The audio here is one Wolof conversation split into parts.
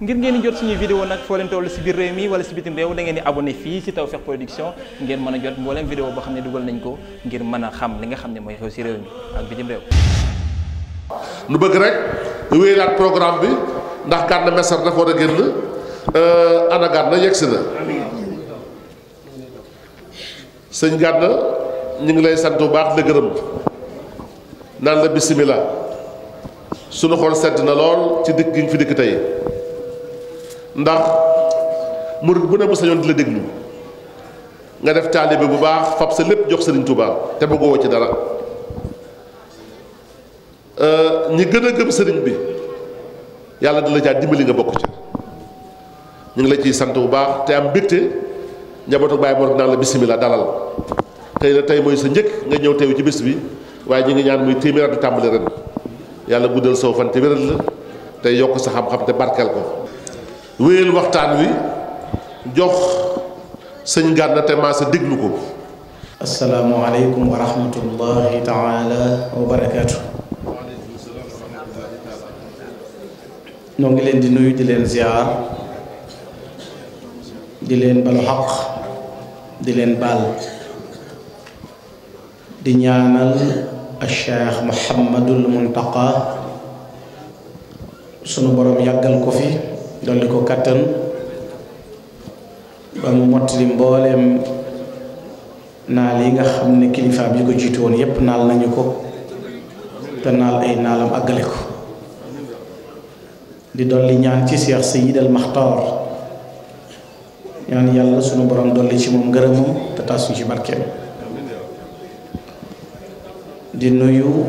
ngir ngeen di jot suñuy vidéo nag foo leen si biir réew mi wala si bitim réew da ngeen di abonné fii si Tawfekh Production ngeen mën a jot mbooleem vidéo boo xam ne dugal nañ ko ngir mën a xam li nga xam ne mooy xew si réew mi ak bitim réew nu bëgg rek wéylaat programme bi ndax Gana Messere dafa war a génn euh, ana Gana yegg si na sëñ Gana ñu ngi lay sant bu baax la gërëm naan la bisimila suñu xol sedd na lool ci dikk gi nga fi dikk tey ndax murid bu ne bu sañoon di la déglu nga def taalibe bu baax fab sa lépp jox Sëriñ Tuubaa te bëggoo ci dara euh, ñi gën a gëm sëriñ bi yàlla dina la caa dimbali nga bokk ci ñu ngi la ciy sant bu baax te am mbégte njabootu baay moo naa la bisimilah dalal xëy na tey mooy sa njëkk nga ñëw teew ci bis bi waaye ñu ngi ñaan muy téeméer at du tàmbali ren yàlla guddal sow fan te wéral la tey yokk sa xam-xam te barkeel ko wéyal waxtaan wi jox sëñ Gana te maa sa déglu ko. asalaamualeykum wa rahmatullahi taala wa barakaatu. ñoo ngi leen di nuyu di leen ziar di leen balu xaq di leen baal di ñaanal Cheikh Mouhamadul Muntaqa sunu borom yàggal ko fi. dolli ko kàttan ba mu mottali mbooleem naal yi nga xam ne kilifaam yi ko jiitu woon yépp naal nañu ko te naal ay naalam àggale ko di dolli ñaan ci Cheikh Seydil Makhtar ñaan yàlla sunu borom dolli ci moom ngërëmam te taas ci barkeem di nuyu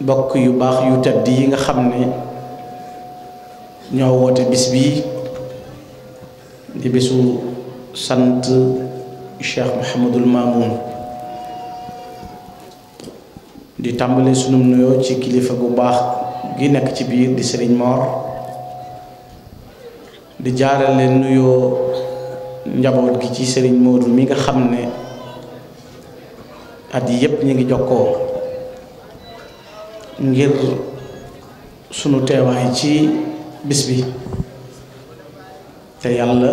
bokk yu baax yu tedd yi nga xam ne ñoo woote bis bii di bisu sant Cheikh Mouhamadul Mamoun di tàmbali sunu nuyoo ci kilifa gu baax gi nekk ci biir di Sëriñ Moor di jaarale nuyoo njaboot gi ci Sëriñ Moodu mi nga xam ne at yi yépp ñu ngi jokkoo ngir sunu teewaay ci bis bi te yàlla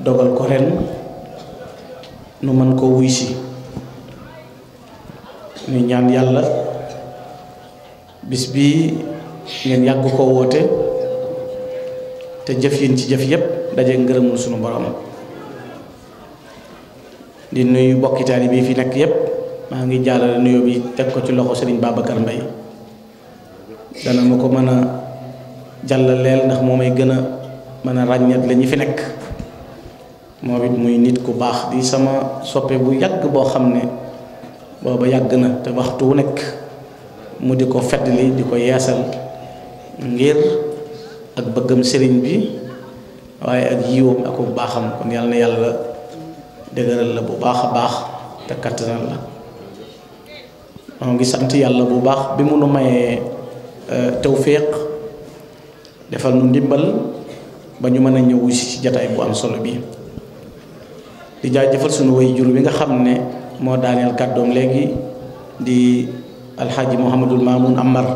dogal ko ren nu mën koo wuy si ñu ñaan yàlla bis bi ngeen yàgg koo woote te jëf yin ci jëf yépp daje ngërëmul sunu borom di nuyu bokki taalibe yi fi nekk yépp maa ngi jàllale nuyoo bi teg ko ci loxo Serigne Babacar mbay dana ma ko mën jàllaleel ndax moo may gën a mën a ràññat la ñi fi nekk moom it muy nit ku baax di sama soppe bu yàgg boo xam ne booba yàgg na te waxtu wu nekk mu di ko feddali di ko yeesal ngir ak bëggam sëriñ bi waaye ak yiwam ak bu baaxam kon yàlla yàlla dëgëral la bu baax a baax te kattanal la moo ngi sant yàlla bu baax bi mu nu mayee euh, tawféex defal nu ndimbal ba ñu mën a ñëw ci jataay bu am solo bi di jaajëfal sunu way jur bi nga xam ne moo daaneel kàddoom léegi di alxaaji Muhammadul Maamun Amar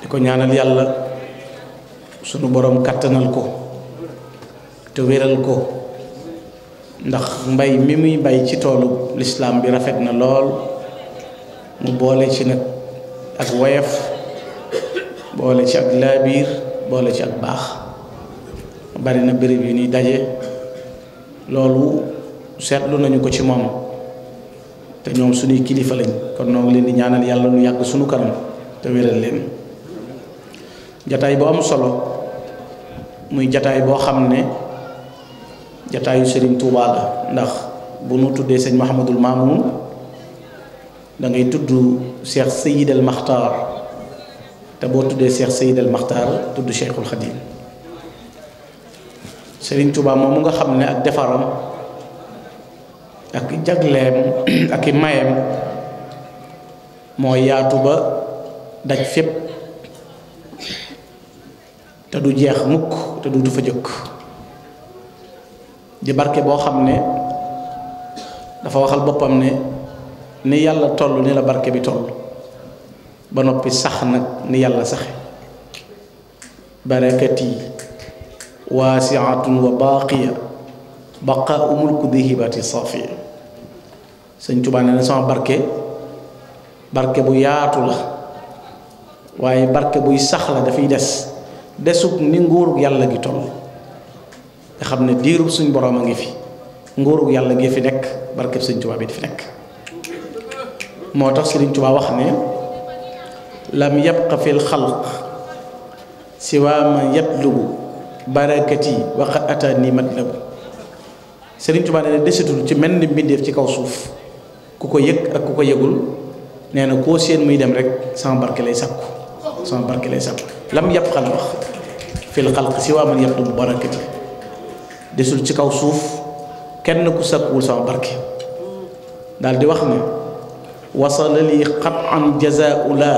di ko ñaanal yàlla sunu boroom kàttanal ko te wéral ko ndax mbay mi muy bay ci toolu lislaam bi rafet na lool mu boole ci nag ak woyof boole ci ak laabiir boole ci ak baax bari na béréb yu ni daje loolu seetlu nañu ko ci moom te ñoom suñuy kilifa lañ kon noo ngi leen di ñaanal yàlla lu yàgg suñu kanam te wéral leen jataay boo am solo muy jataay boo xam ne jataayu sëriñ tuubaala ndax bu nu tuddee sëñ Mahamadul Maamun da ngay tudd Cheikh Seydil Maxtaar te boo tuddee Cheikh Seyd al Maxtaar tudd Cheikhul Xadim Serigne Touba moomu nga xam ne ak defaram ak jagleem ak i mayeem moo yaatu ba daj fépp te du jeex mukk te du du fa jëkk di barke boo xam ne dafa waxal boppam ne ni yàlla toll ni la barke bi toll ba noppi sax nag ni yàlla saxe barakati waasiatun wa baaqiya baqa umul ku di hibati safiya sëñ Tuubaa nee na sama barke barke bu yaatu la waaye barke buy sax la dafay des desub ni nguur yàlla gi toll nga xam ne diirub suñ boroom a ngi fi nguur yàlla gi fi nekk barkeb sëñ Tuubaa bi di fi nekk moo tax sëriñ Tuubaa wax ne lam yabqa fil xalq siwaa man yatlubu barakati waqad ataani matlabu Sëriñ Tuubaa nee na desatul ci mel ni mbindeef ci kaw suuf ku ko yëg ak ku ko yëgul nee na koo seen muy dem rek sama barke lay sàkku sama barke lay sàkku lam yabqa la wax fil xalq siwaa man yatlubu barakati desul ci kaw suuf kenn ku sàkkuwul sama barke daal di wax ne wasala lii qatan jazaau la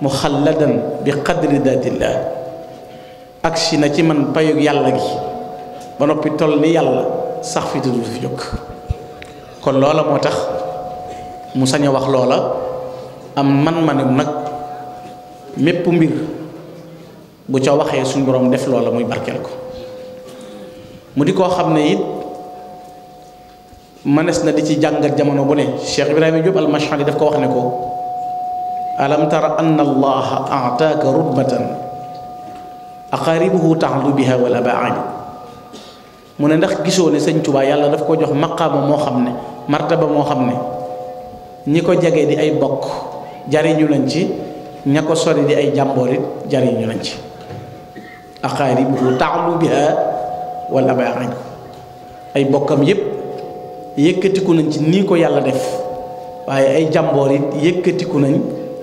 mu xal muxalladan bi qadri datillah agsi na ci man payug yàlla gi ba noppi toll ni yàlla sax fi du fi jóg kon loola moo tax mu sañ wax loola am man-manum nag mépp mbir bu ca waxee suñu boroom def loola muy barkeel ko mu di koo xam ne it mënees na di ci jàngat jamono bu ne Cheikh Ibrahima Diop al-Mashali daf ko wax ne ko alam tara anna allaha ataaka rutbatan aqaribuhu taxlu biha wala baadu mu ne ndax gisoo ne sëñ Tuubaa yàlla daf ko jox maqaama moo xam ne martaba moo xam ne ñi ko jege di ay bokk jariñu lañ ci ña ko sori di ay jàmboorit jariñu lañ ci aqaribuhu taxlu biha wala baadu ay bokkam yépp yëkkatiku nañ ci nii ko yàlla def waaye ay jàmboor it yëkkatiku nañ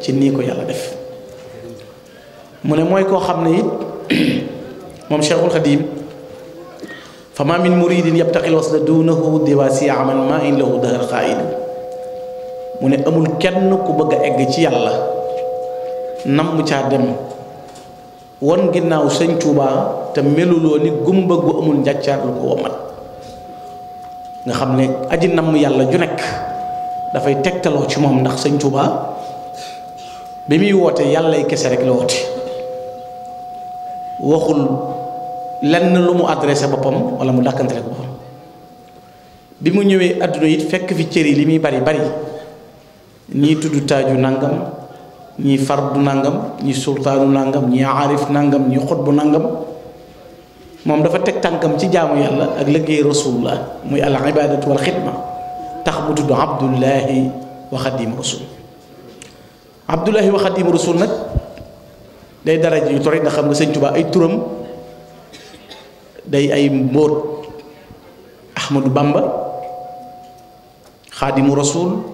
ci nii ko yàlla def mu ne mooy koo xam ne it moom Cheikhul Xadim fa ma min muridin yabtaqil wasla duunahu diwaasi aman ma in lahu dahar xaayidu mu ne amul kenn ku bëgg a egg ci yàlla nam caa dem won ginnaaw sëñ Tuubaa te meluloo ni gumba gu amul njàccaar lu ko womat nga xam ne aji namm yàlla ju nekk dafay tegtaloo ci moom ndax sëñ Tuubaa bi muy yàlla yàllay kese rek la woote waxul lenn lu mu adressé boppam walla mu dàkkante rek boppam bi mu ñëwee àdduna it fekk fi cër yi li muy bari bari ñii tudd taaju nangam ñii fardu nangam ñii sultaanu nangam ñii aarif nangam ñii bu nangam moom dafa teg tànkam ci jaamu yàlla ak liggéey rasulullah muy al ibadatu wal xidma tax mu tudd abdullahi wa xadim rasul Abdullahi wa Xaadimu Rasuul nag day dara ji yu tori ndax xam nga sëñ Tuubaa ay turam day ay mbóot Ahmadu Bamba Xaadimu Rasuul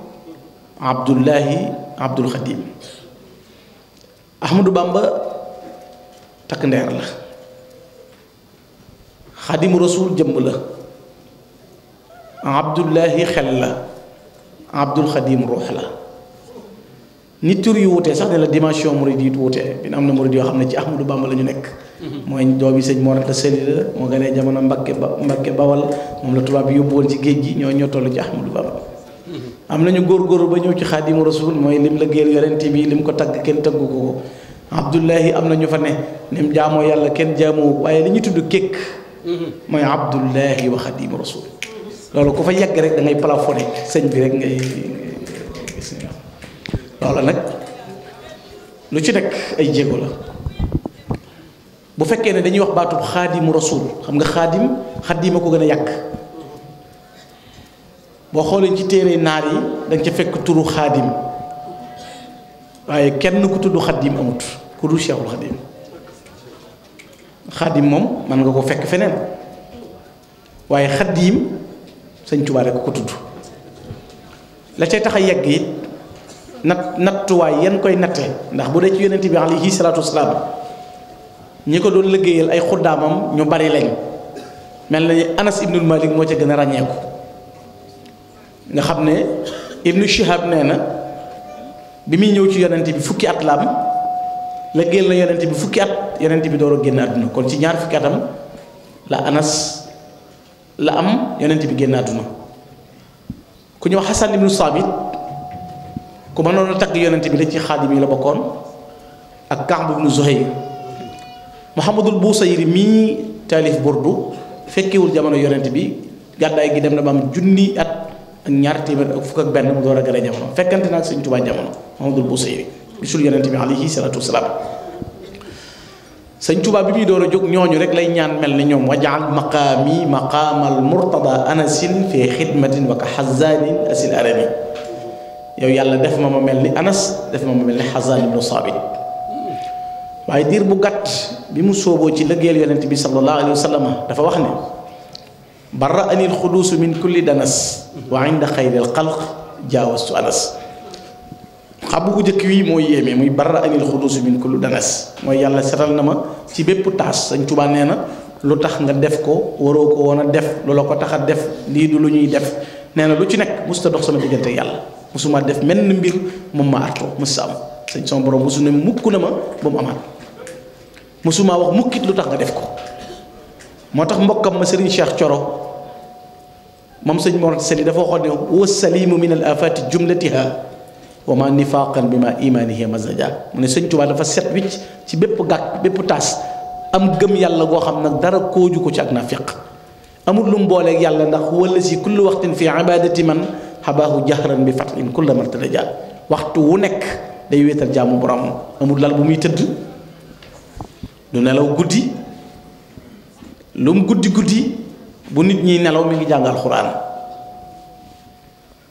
Abdullahi Abdul Xaadim Ahmadu Bamba takk ndeer la Xaadimu Rasuul jëmm la Abdullahi xel la Abdul Xaadim ruux la ni tur yu wutee sax de la dimension murid yi wutee bi am na murid yoo xam ne ci Ahmadou Bamba la ñu nekk. mooy doomi sëñ moo Anta Sali la moo gënee jamono Mbacke ba Mbacke Bawal moom la tubaab bi yóbbu woon ci géej gi ñoo ñoo toll ci Ahmadou Bamba. am nañu góorgóorlu ba ñëw ci Xaadimu Rasuul mooy lim la géel yorente bi lim ko tagg kenn taggu ko Abdullahi am na ñu fa ne nim jaamoo yàlla kenn jaamoo waaye li ñu tudd kékk. mooy Abdullahi wa Xaadimu Rasuul loolu ku fa yegg rek da ngay plafonné sëñ bi rek ngay. loola nag lu ci nekk ay jéego la bu fekkee ne dañuy wax baatub xaadimu rasul xam nga xaadim xaadima ko gën a yàgg boo xoolee ci téere naar yi danga ca fekk turu xaadim waaye kenn ku tuddu xaadim amut ku dul Seexul Xaadim xaadim moom mën nga ko fekk feneen waaye xaadim Sëñ Tuubaa rek ko tudd la cay tax a yegg yi nat nattuwaay yan koy natte ndax bu dee ci yonent bi am alayhi salaatu wasalaam ñi ko doon liggéeyal ay xuddaamam ñu bari lañ mel na ni anas ibnul malik moo ca gën a ràññeeku nga xam ne ibnu shihab nee na bi muy ñëw ci yonent bi fukki at la am liggéeyal na yonent bi fukki at yonent bi door a génn àdduna kon ci ñaar fukki atam la anas la am yonent bi génn àdduna ku ñëw xasan ibnu saabit ku mënoon a tagg yonent bi la ci xaadim yi la bokkoon ak Kaab ibnu Zuhayr Muhammadul Buusayri mii taalif Burdu fekkewul jamono yonent bi gàddaay gi dem na ba am junni at ak ñaar téeméer ak fukk ak benn mu door a gën a jamono fekkante naa Sëñ Tuubaa jamono Muhammadul Buusayri gisul yonent bi alayhi salaatu wasalaam sëñ Tuubaa bi muy door a jóg ñooñu rek lay ñaan mel ni ñoom wajaal maqaami maqaamal murtada anasin fi xidmatin wa ka xazaanin yow yàlla def ma ma mel ni anas def ma ma mel ni xazaan ibnu saabit waaye diir bu gàtt bi mu sooboo ci lëggeel yonent bi sallallahu alayhi wa sallam dafa wax ne bara anil xuduusu min kulli danas wa inda xayril xalq jaawastu anas xabu bu njëkk wi mooy yéeme muy bara anil xuduusu min kulli danas mooy yàlla setal na ma ci bépp taas sañ tubaa nee na lu tax nga def ko waroo ko woon a def lu la ko tax a def lii lu ñuy def nee na lu ci nekk musta dox sama diggante yàlla musuma def mel mbir moom ma artoo mos sa am sëñ sama borom mosu ne mukk na ma ba mu amaat mosuma wax mukkit lu tax nga def ko moo tax mbokkam ma Serigne Cheikh Coro moom sëñ Mor Sali dafa waxoon ne wa salimu min al afati jumlatiha wa ma nifaqan bi ma imanihi mazaja mu ne sëñ Tuubaa dafa set wicc ci bépp gàkk bépp taas am gëm yàlla goo xam nag dara kooju ko ci ak nafiq amul lu mu yàlla ndax wala si kullu waxtin fi ibadati man xabaahu jaxran bi fat fatin kulla martadaja waxtu wu nekk day wéetal jaamu borom amul lal bu muy tëdd du nelaw guddi lu mu guddi guddi bu nit ñiy nelaw mi ngi jàng alxuraan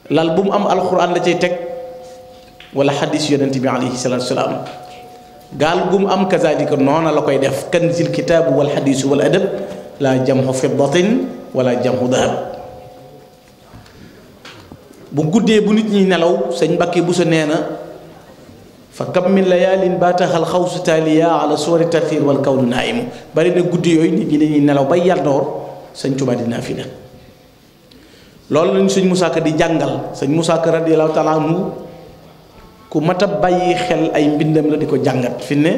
lal bu mu am alxuraan la cay teg wala xadis yonent bi alayhi salaatu salaam gaal gu mu am kazalika noona la koy def kanzil kitaabu wal xadisu wal adab laa jamxu fiddatin wala jamxu dahab bu guddee bu nit ñi nelaw sëñ Mbàkke Buso nee na fa kam min layaalin baataxal xaw xawsu taaliya ala suwari tartiir wal naa naayimu bari na guddi yooyu nit ñi dañuy nelaw bay yàndoor sëñ Tuubaa dinaa fi la loolu lañu sëñ Musaa di jàngal sëñ Musaa Ka radiyallaahu taala ku mat a bàyyi xel ay mbindam la di ko jàngat fi ne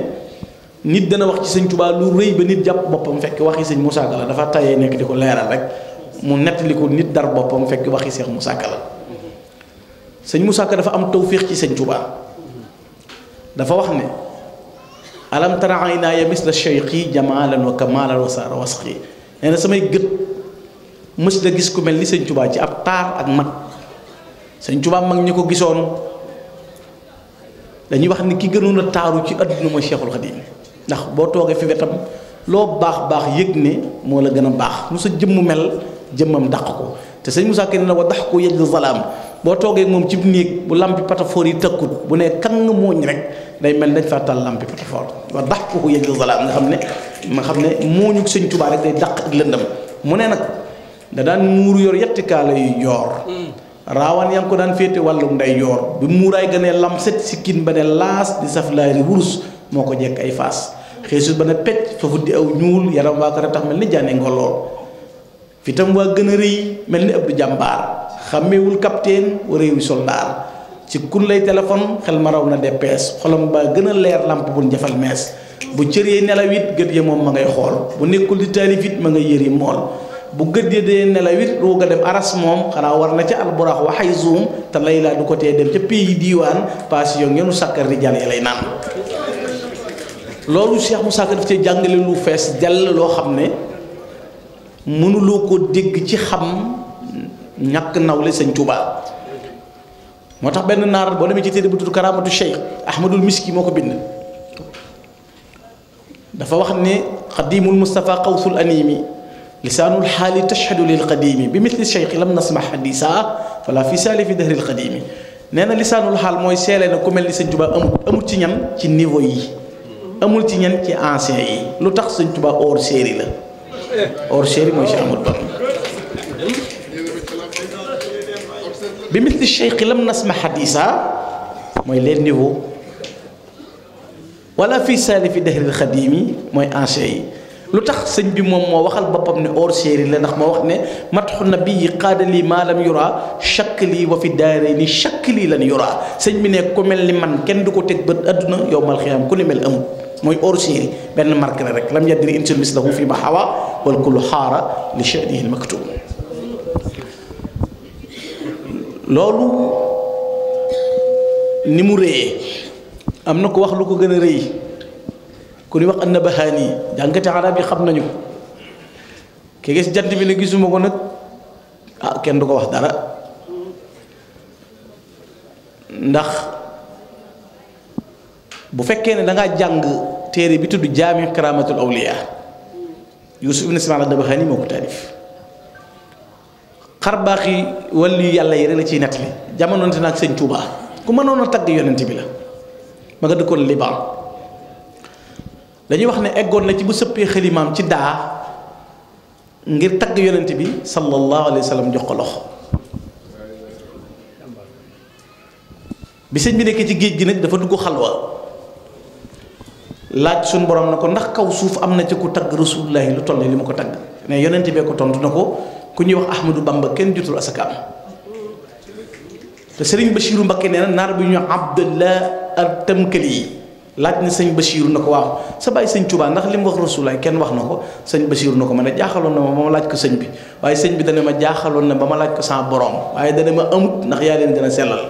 nit dana wax ci sëñ Tuubaa lu rëy ba nit jàpp boppam fekk waxi sëñ Musaa la dafa taye nekk di ko leeral rek mu nettali ko nit dar boppam fekk waxi Seex Musaa Ka la sëñ Moussa Ka dafa am tawfiix ci sëñ Touba dafa wax ne alam tara aynaaya xii sheyqi la wa kamaalan wa saara wasqi nee na samay gët mës da gis ku mel ni sëñ Touba ci ab taar ak mat sëñ Touba mag ñi ko gisoon dañuy wax ni ki gënoon a taaru ci àdduna mooy Cheikhul Khadim ndax boo toogee fi wetam loo baax baax yëg ne moo la gën a baax mu sa jëmm mel jëmmam daq ko te sëñ Moussa Ka nee na wa dax ko yëg zalaam boo toogee moom cib néeg bu lampi patafoor yi tëkkut bu nee kan nga mooñ rek day mel dañ fa tal lampi patafoor wa dax kooku yëjël zalaam nga xam ne ma xam ne mooñu sëñ Tuubaa rek day daq lëndam mu ne nag da daan muuru yor yetti kaala yu joor hmm. raawaan yaa ko daan féete wàllu nday joor bi muuraay gënee lam set sikkin ba ne laas di saf wurus moo ko jekk ay faas xeesut ba ne pecc fa fuddi aw ñuul yaram waa ko tax mel ni jaane ngolool fitam waa gën a rëy mel ni ëpp jàmbaar xàmmewul capitaine wareewul soldaar ci kun lay téléphone xel ma raw na DPS xolom baa gën a leer làmp bu jafal mees bu cër cëree nelaw it gët ya moom ma ngay xool bu nekkul di taalif it ma ngay yëri mool bu gët ya dee nelaw it ruuga dem aras moom xanaa war na ca alburax waxay zoom te lay laa du ko tee dem ca pays diiwaan paas yo ngeenu sàkkar di jaan lay naan loolu Cheikh Moussa Ka daf cee jàngale lu fees jàll loo xam ne mënuloo ko dégg ci xam ñàkk nawle sañ Touba moo tax benn naar boo mi ci téere bu tudd Karaamatu Cheikh Ahmadul Miski moo ko bind dafa wax ne xadimul Moustapha xawsul animi lisaanul xaali tashhadu lil qadimi bi misli cheikh lam nasma hadisa fala fi saali fi dahril qadimi nee na lisaanul xaal mooy seelee na ku mel ni sëñ Touba amul amul ci ñan ci niveau yi amul ci ñan ci ancien yi lu tax sëñ Touba hors série la hors mooy Cheikh Amadou Bamba bi misli cheikh lam nasma xadisa mooy les niveaux wala fi saalifi dahril xadimi mooy ancien yi lu tax sëñ bi moom moo waxal boppam ne hors série la ndax moo wax ne mat matxu nabiyi qaadalii maalam yura shakli wa fi daare ni shakli lan yura sëñ bi ne ku mel ni man kenn du ko teg bët àdduna yow mal xiyaam ku ni mel amul mooy hors série benn marque la rek lam yadri insul mislahu fi ma xawa wal kullu xaara li shanihi al loolu ni mu réyee am na ko wax lu ko gën a rëy ku ni wax annabahaani jàngati arab yi xam nañu ke gis jant bi ne gisuma ko nag ah kenn du ko wax dara ndax bu fekkee ne da ngaa jàng téere bi tudd jaami karamatul awliya yusuf ibn ismail annabahaani moo ko taalif xar baax yi wàllu yàlla yi rek ci ciy nettali jamonoonte na ak sëñ Touba ku mënoon a tagg yonent bi la ma nga dëkkoon Liban dañuy wax ne eggoon na ci bu sëppee xalimaam ci daa ngir tagg yonent bi sallallahu alayhi wa jox ko loxo bi bi nekkee ci géej gi nag dafa dugg xalwa laaj suñu borom na ko ndax kaw suuf am na ci ku tagg rasulullahi lu toll li ma ko tagg ne yonent bee ko tontu na ko. ku ñuy wax Ahmadou Bamba kenn jotul asakaam te sëriñ Bachirou Mbakke nee na naar bi ñu Abdallah al Tamkali yi laaj na sëñ Bachirou na ko waaw sa bàyyi sëñ Touba ndax li mu wax Rasulaay kenn wax na ko sëñ Bachirou na ko ma ne jaaxaloon na ma ba ma laaj ko sëñ bi waaye sëñ bi dana ma jaaxaloon na ba ma laaj ko sans boroom waaye dana ma amut ndax yaa leen gën a sellal.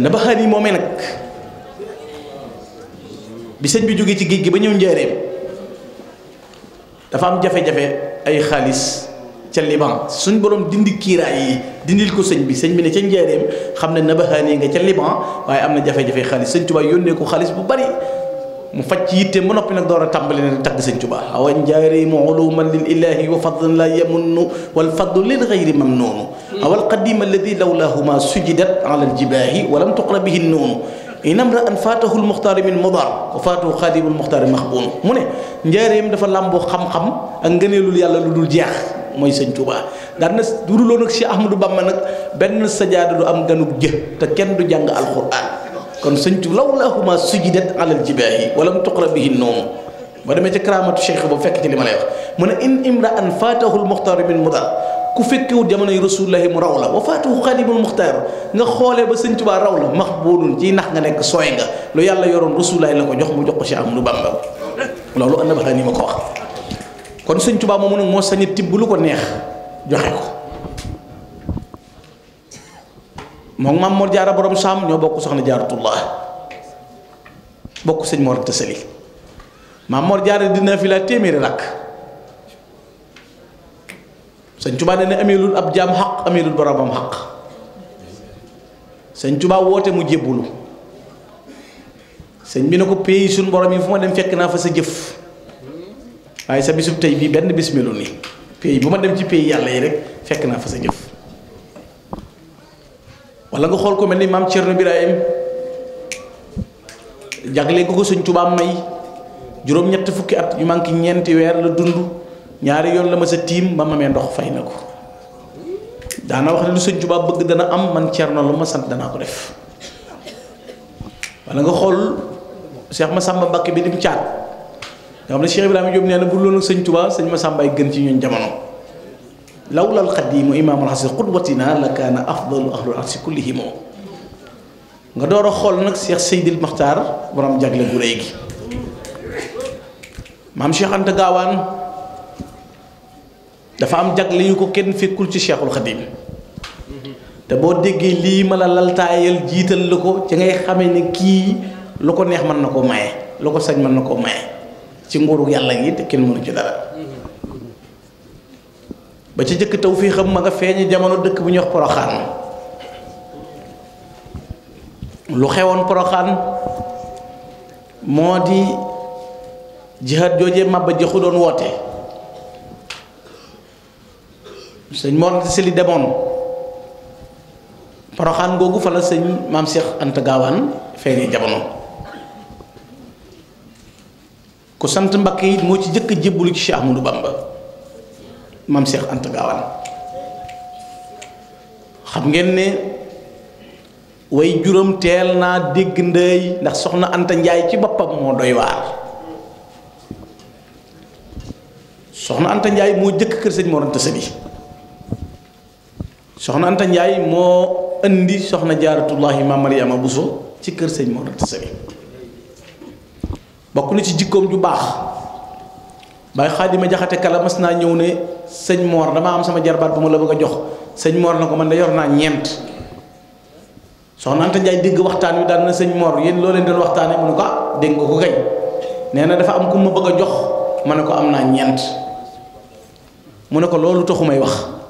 nabaxaan yi moomee nag. bi sëñ bi jógee ci géej gi ba ñëw njaareem dafa am jafe-jafe ay xaalis ca liban suñ borom dindi kiiraay yi dindil ko sëñ bi sëñ bi ne ca njaareem xam ne nabaxaani nga ca liban waaye am na jafe-jafe xaalis sëñ Tuubaa yónnee ko xaalis bu bari mu faj ci yitte ba noppi nag door a tàmbali ne tagg sëñ Tuubaa awa njaareemu uluman lil ilahi wa fadlan la yamunnu wal fadlu lil gayri mamnunu awal qadim alladi lawlahuma sujidat ala al jibahi walam tuqra bihi noonu inam inamra an faatahul muxtaari min mudaar wa faatahu xaadimul muxtaari maxbuun mu ne njaareem dafa làmboo xam-xam ak ngëneelul yàlla lu dul jeex mooy sëñ Tuubaa daan na du dul woon ak Cheikh Ahmadou nag benn sajaada du am ganug jë te kenn du jàng alxuraan kon sëñ Tuubaa lawlaahuma sujidat alal jibaahi walam bi bihi noomu ba demee ca karaamatu cheikh ba fekk ci li ma lay mu ne in imra an faatahul muxtaari min mudaar ku fekkewut jamonoy rasulullahi mu raw la wafaatuhu xadimul muxtaar nga xoolee ba sëñ Tuubaa raw la max boodun ci nax nga nekk sooy nga lu yàlla yoroon rasulullahi la ko jox mu jox ko Cheikh Ahmadou Bamba loolu ànd ba ni ma ko wax kon sëñ Tuubaa moomu nag moo sañ a tibb lu ko neex joxe ko moom maam Mor Jaara borom Saam ñoo bokk soxna Jaaratullah bokk sëñ Mor Tësali maam jaar Jaara dina fi la téeméeri rakk sëñ Tuba ne ne ameelul ab jaam xaq ameelul boromam xaq sëñ Tuba woote mu jébbulu sëñ bi ne ko pays suñ borom yi fu ma dem fekk naa fa sa jëf waaye tey bii benn bis bu ma dem ci pays rek fekk naa fa sa nga xool ko mel ni maam Cerno Birahim jagle ko ko sëñ Tuba may juróom-ñett fukki at yu manqué ñeenti weer la dund ñaari yoon la ma tiim ba ma amee ndox fay na ko daana wax ne lu sëñ Tuubaa bëgg dana am man Cerno lu ma sant danaa ko def wala nga xool ma Massamba Mbacké bi di mu caat nga xam ne Cheikh Ibrahima Diop nee na bu loolu sëñ Tuubaa sëñ Massamba ay gën ci ñun jamono lawlal xadiimu imaamul xasi xudwatina la kaana afdalu ahlul arsi kullihim nga door a xool nag seex Seydil Maxtaar borom jagle gu réy gi maam Cheikh Gaawaan dafa am jagle yu ko kenn fekkul ci Cheikhul Khadim te boo déggee lii ma la laltaayal jiital la ko ci ngay xame ni kii lu ko neex mën na ko maye lu ko sañ mën na koo maye ci nguuru yàlla gi te kenn mënu ci dara ba ci jëkk taw fii xam ma nga feeñi jamono dëkk bu ñuy wax poroxaan lu xewoon poroxaan moo di jihaat joojee màbba jëxu doon woote sëñ Mor Anta Sali demoon poroxaan googu fa la sëñ maam Cheikh Anta Gaawaan feeñee jamono ku sant Mbakke it moo ci jëkk a jébbalu ci Cheikh Ahmadou Bamba maam Cheikh Anta Gaawaan xam ngeen ne way juróom teel naa dégg ndey ndax soxna Anta Njaay ci boppam moo doy waar soxna Anta Njaay moo jëkk kër sëñ Mor Anta soxna Anta Ndiaye moo indi soxna jaaratullahi maam Mariama Bousso ci kër sëñ Mor Anta Sali bokk na ci jikkoom ju baax bay xaadima jaxate kala mas naa ñëw ne sëñ moor dama am sama jarbaat bu ma la bëgg a jox sëñ moor na ko man da yor naa ñeent soxna Anta dégg waxtaan wi daan na sëñ moor yéen loo leen doon waxtaanee mu ne ko ah dégg nga ko kay nee na dafa am ku ma bëgg a jox ma ne ko am naa ñeent mu ne ko loolu toxu may wax.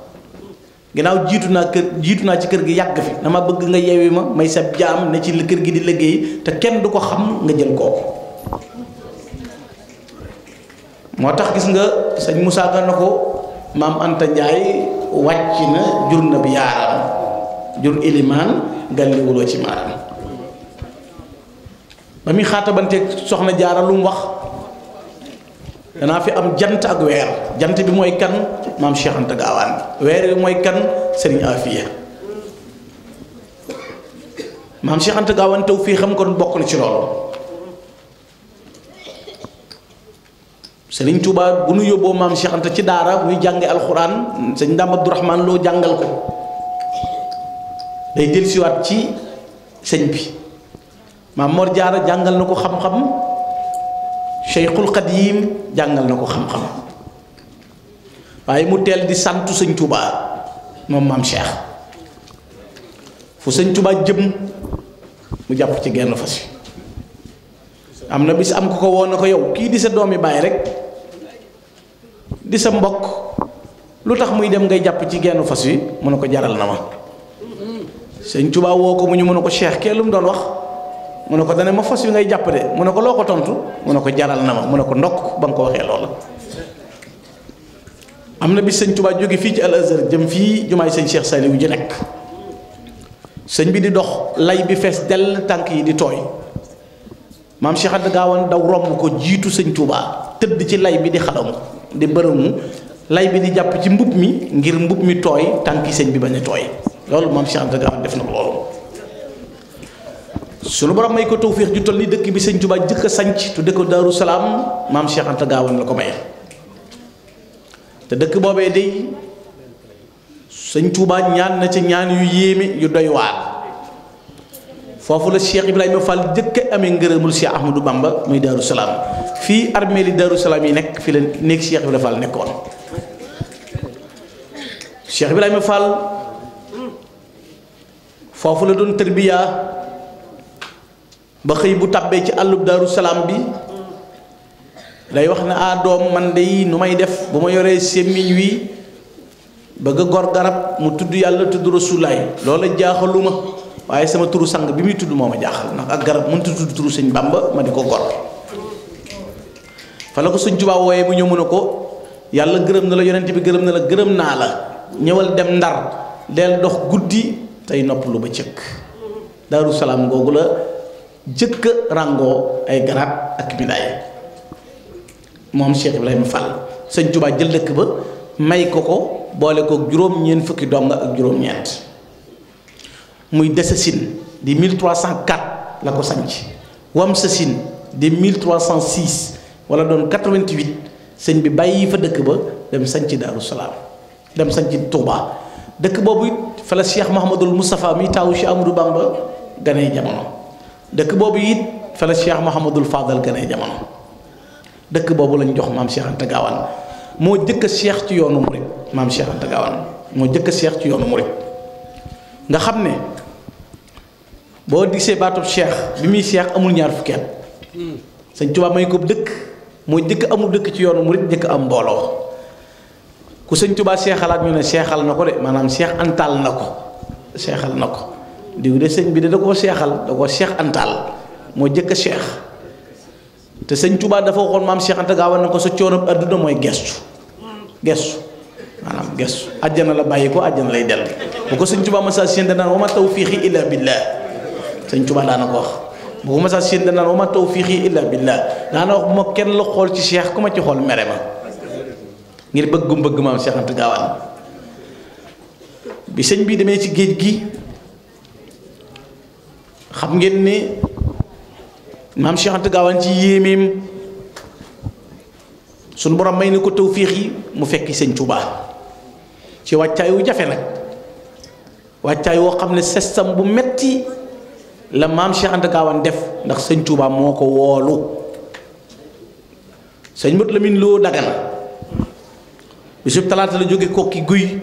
ginnaaw jiitu naa kër jiitu naa ci kër gi yàgg fi dama bëgg nga yeewi ma may sa jaam ne ci kër gi di liggéey te kenn du ko xam nga jël kooku moo tax gis nga sëñ Moussa Ka na ko maam Anta Ndiaye wàcc na jur na bi yaaram jur ilimaan galliwuloo ci maaram ba muy xaatabanteeg soxna jaara lu mu wax danaa fi am jant ak weer jant bi mooy kan maam Cheikh Anta Gaawaan weer bi mooy kan Serigne Afia maam Cheikh Anta Gaawaan taw fii xam kon bokk na ci loolu Serigne Touba bu nu yóbboo maam Cheikh ci daara muy jànge alxuraan sëñ Ndam Abdourahman loo jàngal ko day dellusiwaat ci sëñ bi maam Mor Jaara jàngal na ko xam-xam Cheikhul Xadim jàngal na ko xam-xam waaye mu teel di santu sëñ Tuubaa moom maam Cheikh fu sëñ tubaa jëm mu jàpp ci genn fas wi am na bis am ko ko woon na ko yow kii di sa doomi baay rek di sa mbokk lu tax muy dem ngay jàpp ci genn fas wi mu ne ko jaral na ma sëñ Tuubaa woo ko mu ñu mu ne ko Cheikh kee lu mu doon wax mu ne ko dana ma fas wi ngay jàpp de mu ne ko loo ko tontu mu ne ko jaral na ma mu ne ko ndokk ba nga ko waxee loola. am na bi sëñ Tuubaa jóge fii ci Al jëm fii jumaay sëñ Cheikh Saliou ji nekk sëñ bi di dox lay bi fees dell tànk yi di tooy maam Cheikh Anta Gaawan daw romb ko jiitu sëñ Tuubaa tëdd ci lay bi di xalamu di bërëmu lay bi di jàpp ci mbubb mi ngir mbubb mi tooy tànki sëñ bi ba a tooy loolu maam Cheikh Anta Gaawan def na loolu. sunu borom may ko tawféex ju toll dëkk bi sëñ Tuubaa jëkk a sanc tudde ko Daaru Salaam maam Cheikh Anta Gaawaan la ko maye te dëkk boobee day sëñ Tuubaa ñaan na ci ñaan yu yéeme yu doy waar foofu la Cheikh Ibrahima Fall jëkk a amee ngërëmul Cheikh Ahmadou Bamba muy Daaru Salaam fii armée li yi nekk fii la nekk Cheikh Ibrahima Fall nekkoon Cheikh Ibrahima Fall foofu la doon tërbiyaa ba xëy bu tàbbee ci àllub daaru salaam bi day wax ne ah doom man de nu may def bu ma yoree sémmiñ wi bëgg gor garab mu tudd yàlla tudd rasulaay loola jaaxaluma waaye sama turu sang bi muy tudd moom ma jaaxal ndax ak garab mënut tudd turu sëñ Bàmba ma di ko gor fa la ko sëñ Tuubaa wooyee mu ñëw mu ne ko yàlla gërëm na la yonent bi gërëm na la gërëm naa la ñëwal dem ndar deel dox guddi tey nopp lu ba cëkk daaru salaam googu la jëkk ràngoo ay garaat ak bidaay moom lay Ibrahima fal sëñ Tuubaa jël dëkk ba may ko ko boole kook juróom-ñeent fukki donga ak juróom-ñeent muy Desassine di 1304 la ko wam Wamsassine di 1306 wala doon 88 sëñ bi bàyyi fa dëkk ba dem sanc Daaru Salaam dem sanc Touba dëkk boobu fala fa la Cheikh Mahamadul Moustapha mi taawu Cheikh Amadou Bamba ganee jamono dëkk boobu it fa la Cheikh Mouhamadul Fadal gane jamono dëkk boobu lañu jox maam Cheikh Anta Gaawaan moo jëkk Cheikh ci yoonu murit maam Cheikh Anta Gaawaan moo jëkk Cheikh ci yoonu murit nga xam ne boo gisee baatub Cheikh bi muy Cheikh amul ñaar fukki at Sëñ may ko dëkk moo jëkk amul dëkk ci yoonu murit jëkk am mbooloo ku Sëñ Tuubaa seexalaat ñu ne seexal na ko de maanaam Cheikh antal na ko seexal na ko diw de sëñ bi de da koo seexal da koo seex antal moo jëkk a seex te sëñ Tuubaa dafa ko sa coono adduna mooy gestu gestu gestu àjjana la bàyyi ko àjjana ko sëñ Tuubaa masa seen danaan wa ma tawfiixi illa ko wax bu ko masa ma tawfiixi illa billah daana wax bu ma kenn xool ci seex ku ma ci xool ma ngir bëgg maam Seex Anta Gaawaan bi sëñ bi demee ci géej gi xam ngeen ni maam Cheikh Gaawaan ci yéemeem sunu borom may ni ko tawfiix yi mu fekki sëñ Tuubaa ci wàccaay wu jafe nag wàccaay woo xam ne système bu metti la maam Cheikh Gaawaan def ndax sëñ Tuubaa moo ko woolu sëñ Mat Lamin Loo Dagana bisub talaata la jóge kokki guy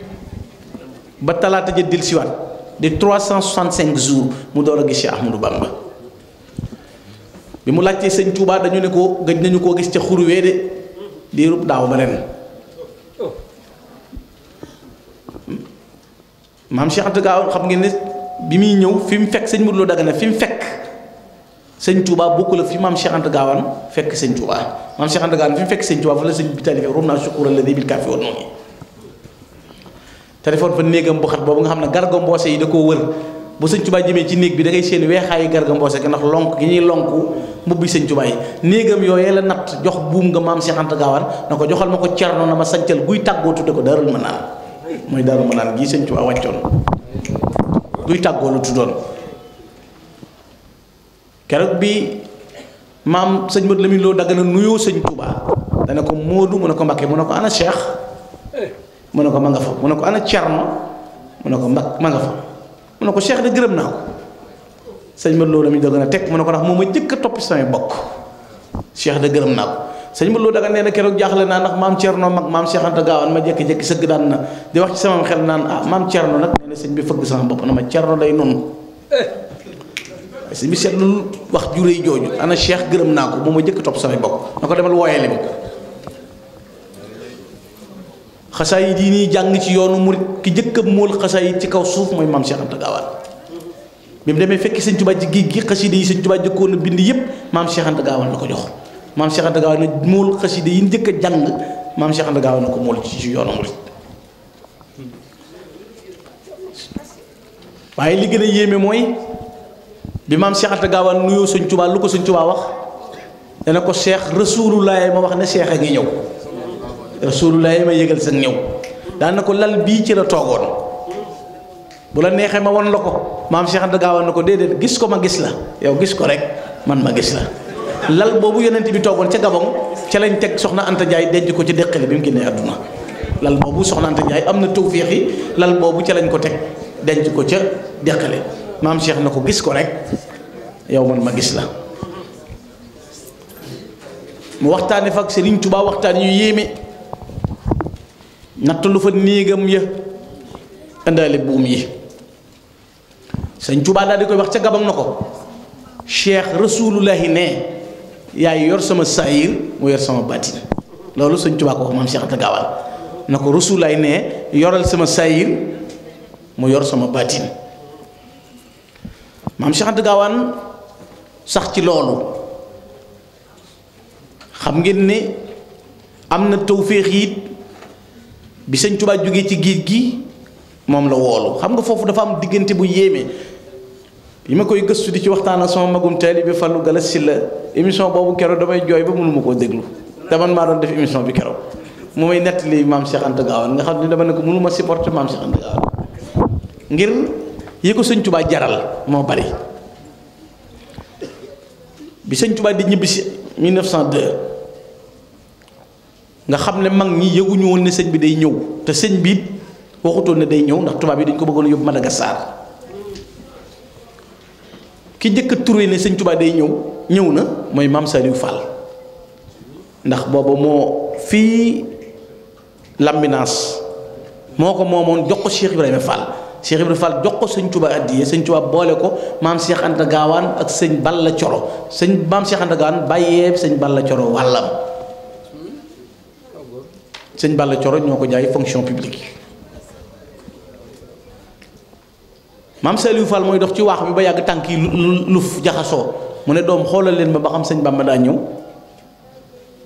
ba talaata ja dellusiwaat di 365 jours mu door a gis Cheikh Ahmadou Bamba bi mu laajtee sëñ Touba dañu ne ko gëj nañu koo gis ca xurwee de diirub daaw ba ren maam Cheikh Anta Gaaw xam ngeen ne bi muy ñëw fi mu fekk sëñ Modou Lo Dagana fi mu fekk sëñ Touba bokku la fi maam Cheikh Anta Gaawaan fekk sëñ Touba maam Cheikh Anta Gaawaan fi mu fekk sëñ Touba fa la sëñ bi taalifee naa sukuura la débil kaafi woon noonu te defoon fa néegam bu xat boobu nga xam ne garga mboose yi da koo wër bu sëñ Tuubaa jëmee ci néeg bi dangay ngay seen weexaayu garga mboose gi ndax lonk gi ñuy lonk mbubbi sëñ Tuubaa yi néegam yooyee la natt jox buum nga maam Cheikh Anta Gaawaan na ko joxal ma ko cerno na ma sancal guy tàggoo ko Daarul Manaan mooy Daarul Manaan gii sëñ Tuubaa wàccoon guy tàggoo la tuddoon keroog bi maam sëñ Mat Lamin Lo dagg na nuyoo sëñ Tuubaa dana ko Moodu mu ne ko Mbakke mu ne ko ana Cheikh mu ne ko ma nga fa mu ne ko ana carma mu ne ko mbag ma fa mu ne ko cheikh de gërëm naa ko sëñ Mor Lo la muy a teg mu ne ko ndax moom ma jëkk a topp samay bokk cheikh de gërëm naa ko sëñ Mor Lo da nga nee na keroog jaaxle naa ndax maam Thierno mag maam Cheikh Anta ma jékki-jékki sëgg daan na di wax naan ah maam na sëñ bi fëgg sama bopp na ma Thierno day noonu seetlu wax juree jooju ana cheikh gërëm naa ko moom ma jëkk topp samay na ko demal wooyee leen ko xasaayit yi nii jàng ci yoonu murit ki njëkk a mool xasaayit ci kaw suuf mooy maam Cheikh Anta Gaawaan bi mu demee fekki sëñ Tuubaa ci géej gi xaside yi sëñ Tuubaa jëkkoon a bind yëpp maam Cheikh Anta Gaawaan la ko jox maam Cheikh njëkk a jàng maam Cheikh Anta na ko mool ci waaye li gën a yéeme mooy bi maam Cheikh Anta Gaawaan nuyoo sëñ Tuubaa lu ko sëñ Tuubaa wax dana ko Cheikh Rasulullaah ma wax ne Cheikh a ngi ñëw. rasulullah yi ma yëgal sa néew daan na ko lal bii ci la toogoon bu la neexee ma won la ko maam Cheikh Anta gaawaan na ko déedéet gis ko ma gis la yow gis ko rek man ma gis la lal boobu yonent bi toogoon ca Gabon ca lañ teg soxna Anta Ndiaye denc ko ci dëkkale bi mu génnee àdduna lal boobu soxna Anta Ndiaye am na tawféex yi lal boobu ca lañ ko teg denc ko ca dëkkale maam Cheikh na ko gis ko rek yow man ma gis la mu waxtaane fa ak Serigne Touba waxtaan yu yéeme. natt lu fa néegam ya indaale buum yi sëñ Tuubaa daal di koy wax ca gabam na ko cheikh rasulullahi ne yaay yor sama saayir mu yor sama baatin loolu sëñ Tuubaa ko wax maam Cheikh Anta Gaawaan na ko rasulullahi ne yoral sama saayir mu yor sama baatin maam Cheikh Anta Gaawaan sax ci loolu xam ngeen ne am na tawféex bi sëñ Tuubaa jógee ci giir gi moom la woolu xam nga foofu dafa am diggante bu yéeme yi ma koy gëstu di ci waxtaan ak sama magum taalibe Fallou Gala Sylla émission boobu keroog damay jooy ba mënuma koo déglu te man maa doon def émission bi keroog mu may nettali maam Cheikh Anta Gaawaan nga xam ne dama ne ko mënuma supporter maam Cheikh Anta ngir yi ko sëñ Tuubaa jaral moo bari bi sëñ Tuubaa di ñibbisi 1902. nga xam ne mag ñi yëguñu woon ne sëñ bi day ñëw te sëñ bi waxutoon ne day ñëw ndax tubaab yi dañ ko bëggoon a yóbbu Madagascar ki njëkk a turé ne sëñ Tuubaa day ñëw ñëw na mooy maam Saliou Fall ndax booba moo fii Lambinaas moo ko moomoon jox ko Cheikh Ibrahima Fall Cheikh Ibrahima Fall jox ko sëñ Tuubaa addiye sëñ Tuubaa boole ko maam Cheikh Anta Gaawaan ak sëñ Balla Coro sëñ maam Cheikh Anta Gaawaan bàyyee sëñ Balla Coro wàllam. sëñ Balla Coro ñoo ko jaay fonction publique maam Saliou Fall mooy dox ci waax bi ba yàgg tànk yi luf jaxasoo mu ne doom xoolal leen ma ba xam sëñ Bamba daa ñëw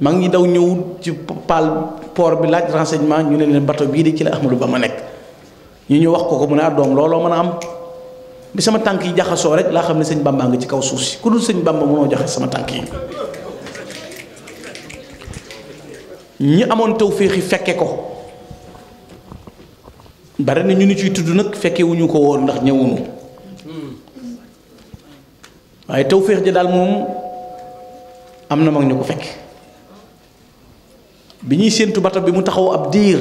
maa ngi daw ñëw ci paal port bi laaj renseignement ñu ne leen bato bii de ci la ba ma nekk ñu ñu wax ko ko mu ne ah doom looloo mën a am bi sama tànk yi jaxasoo rek laa xam ne sëñ Bamba nga ci kaw suuf si ku dul sëñ Bamba mënoo jaxas sama tànk yi ñi amoon tawféexi fekke ko bari na ñu ni ciy tudd nag fekkewuñu ko woon ndax ñëwunu waaye tawféex ji daal moom am na mag ñu ko fekke bi ñuy séentu bata bi mu taxaw ab diir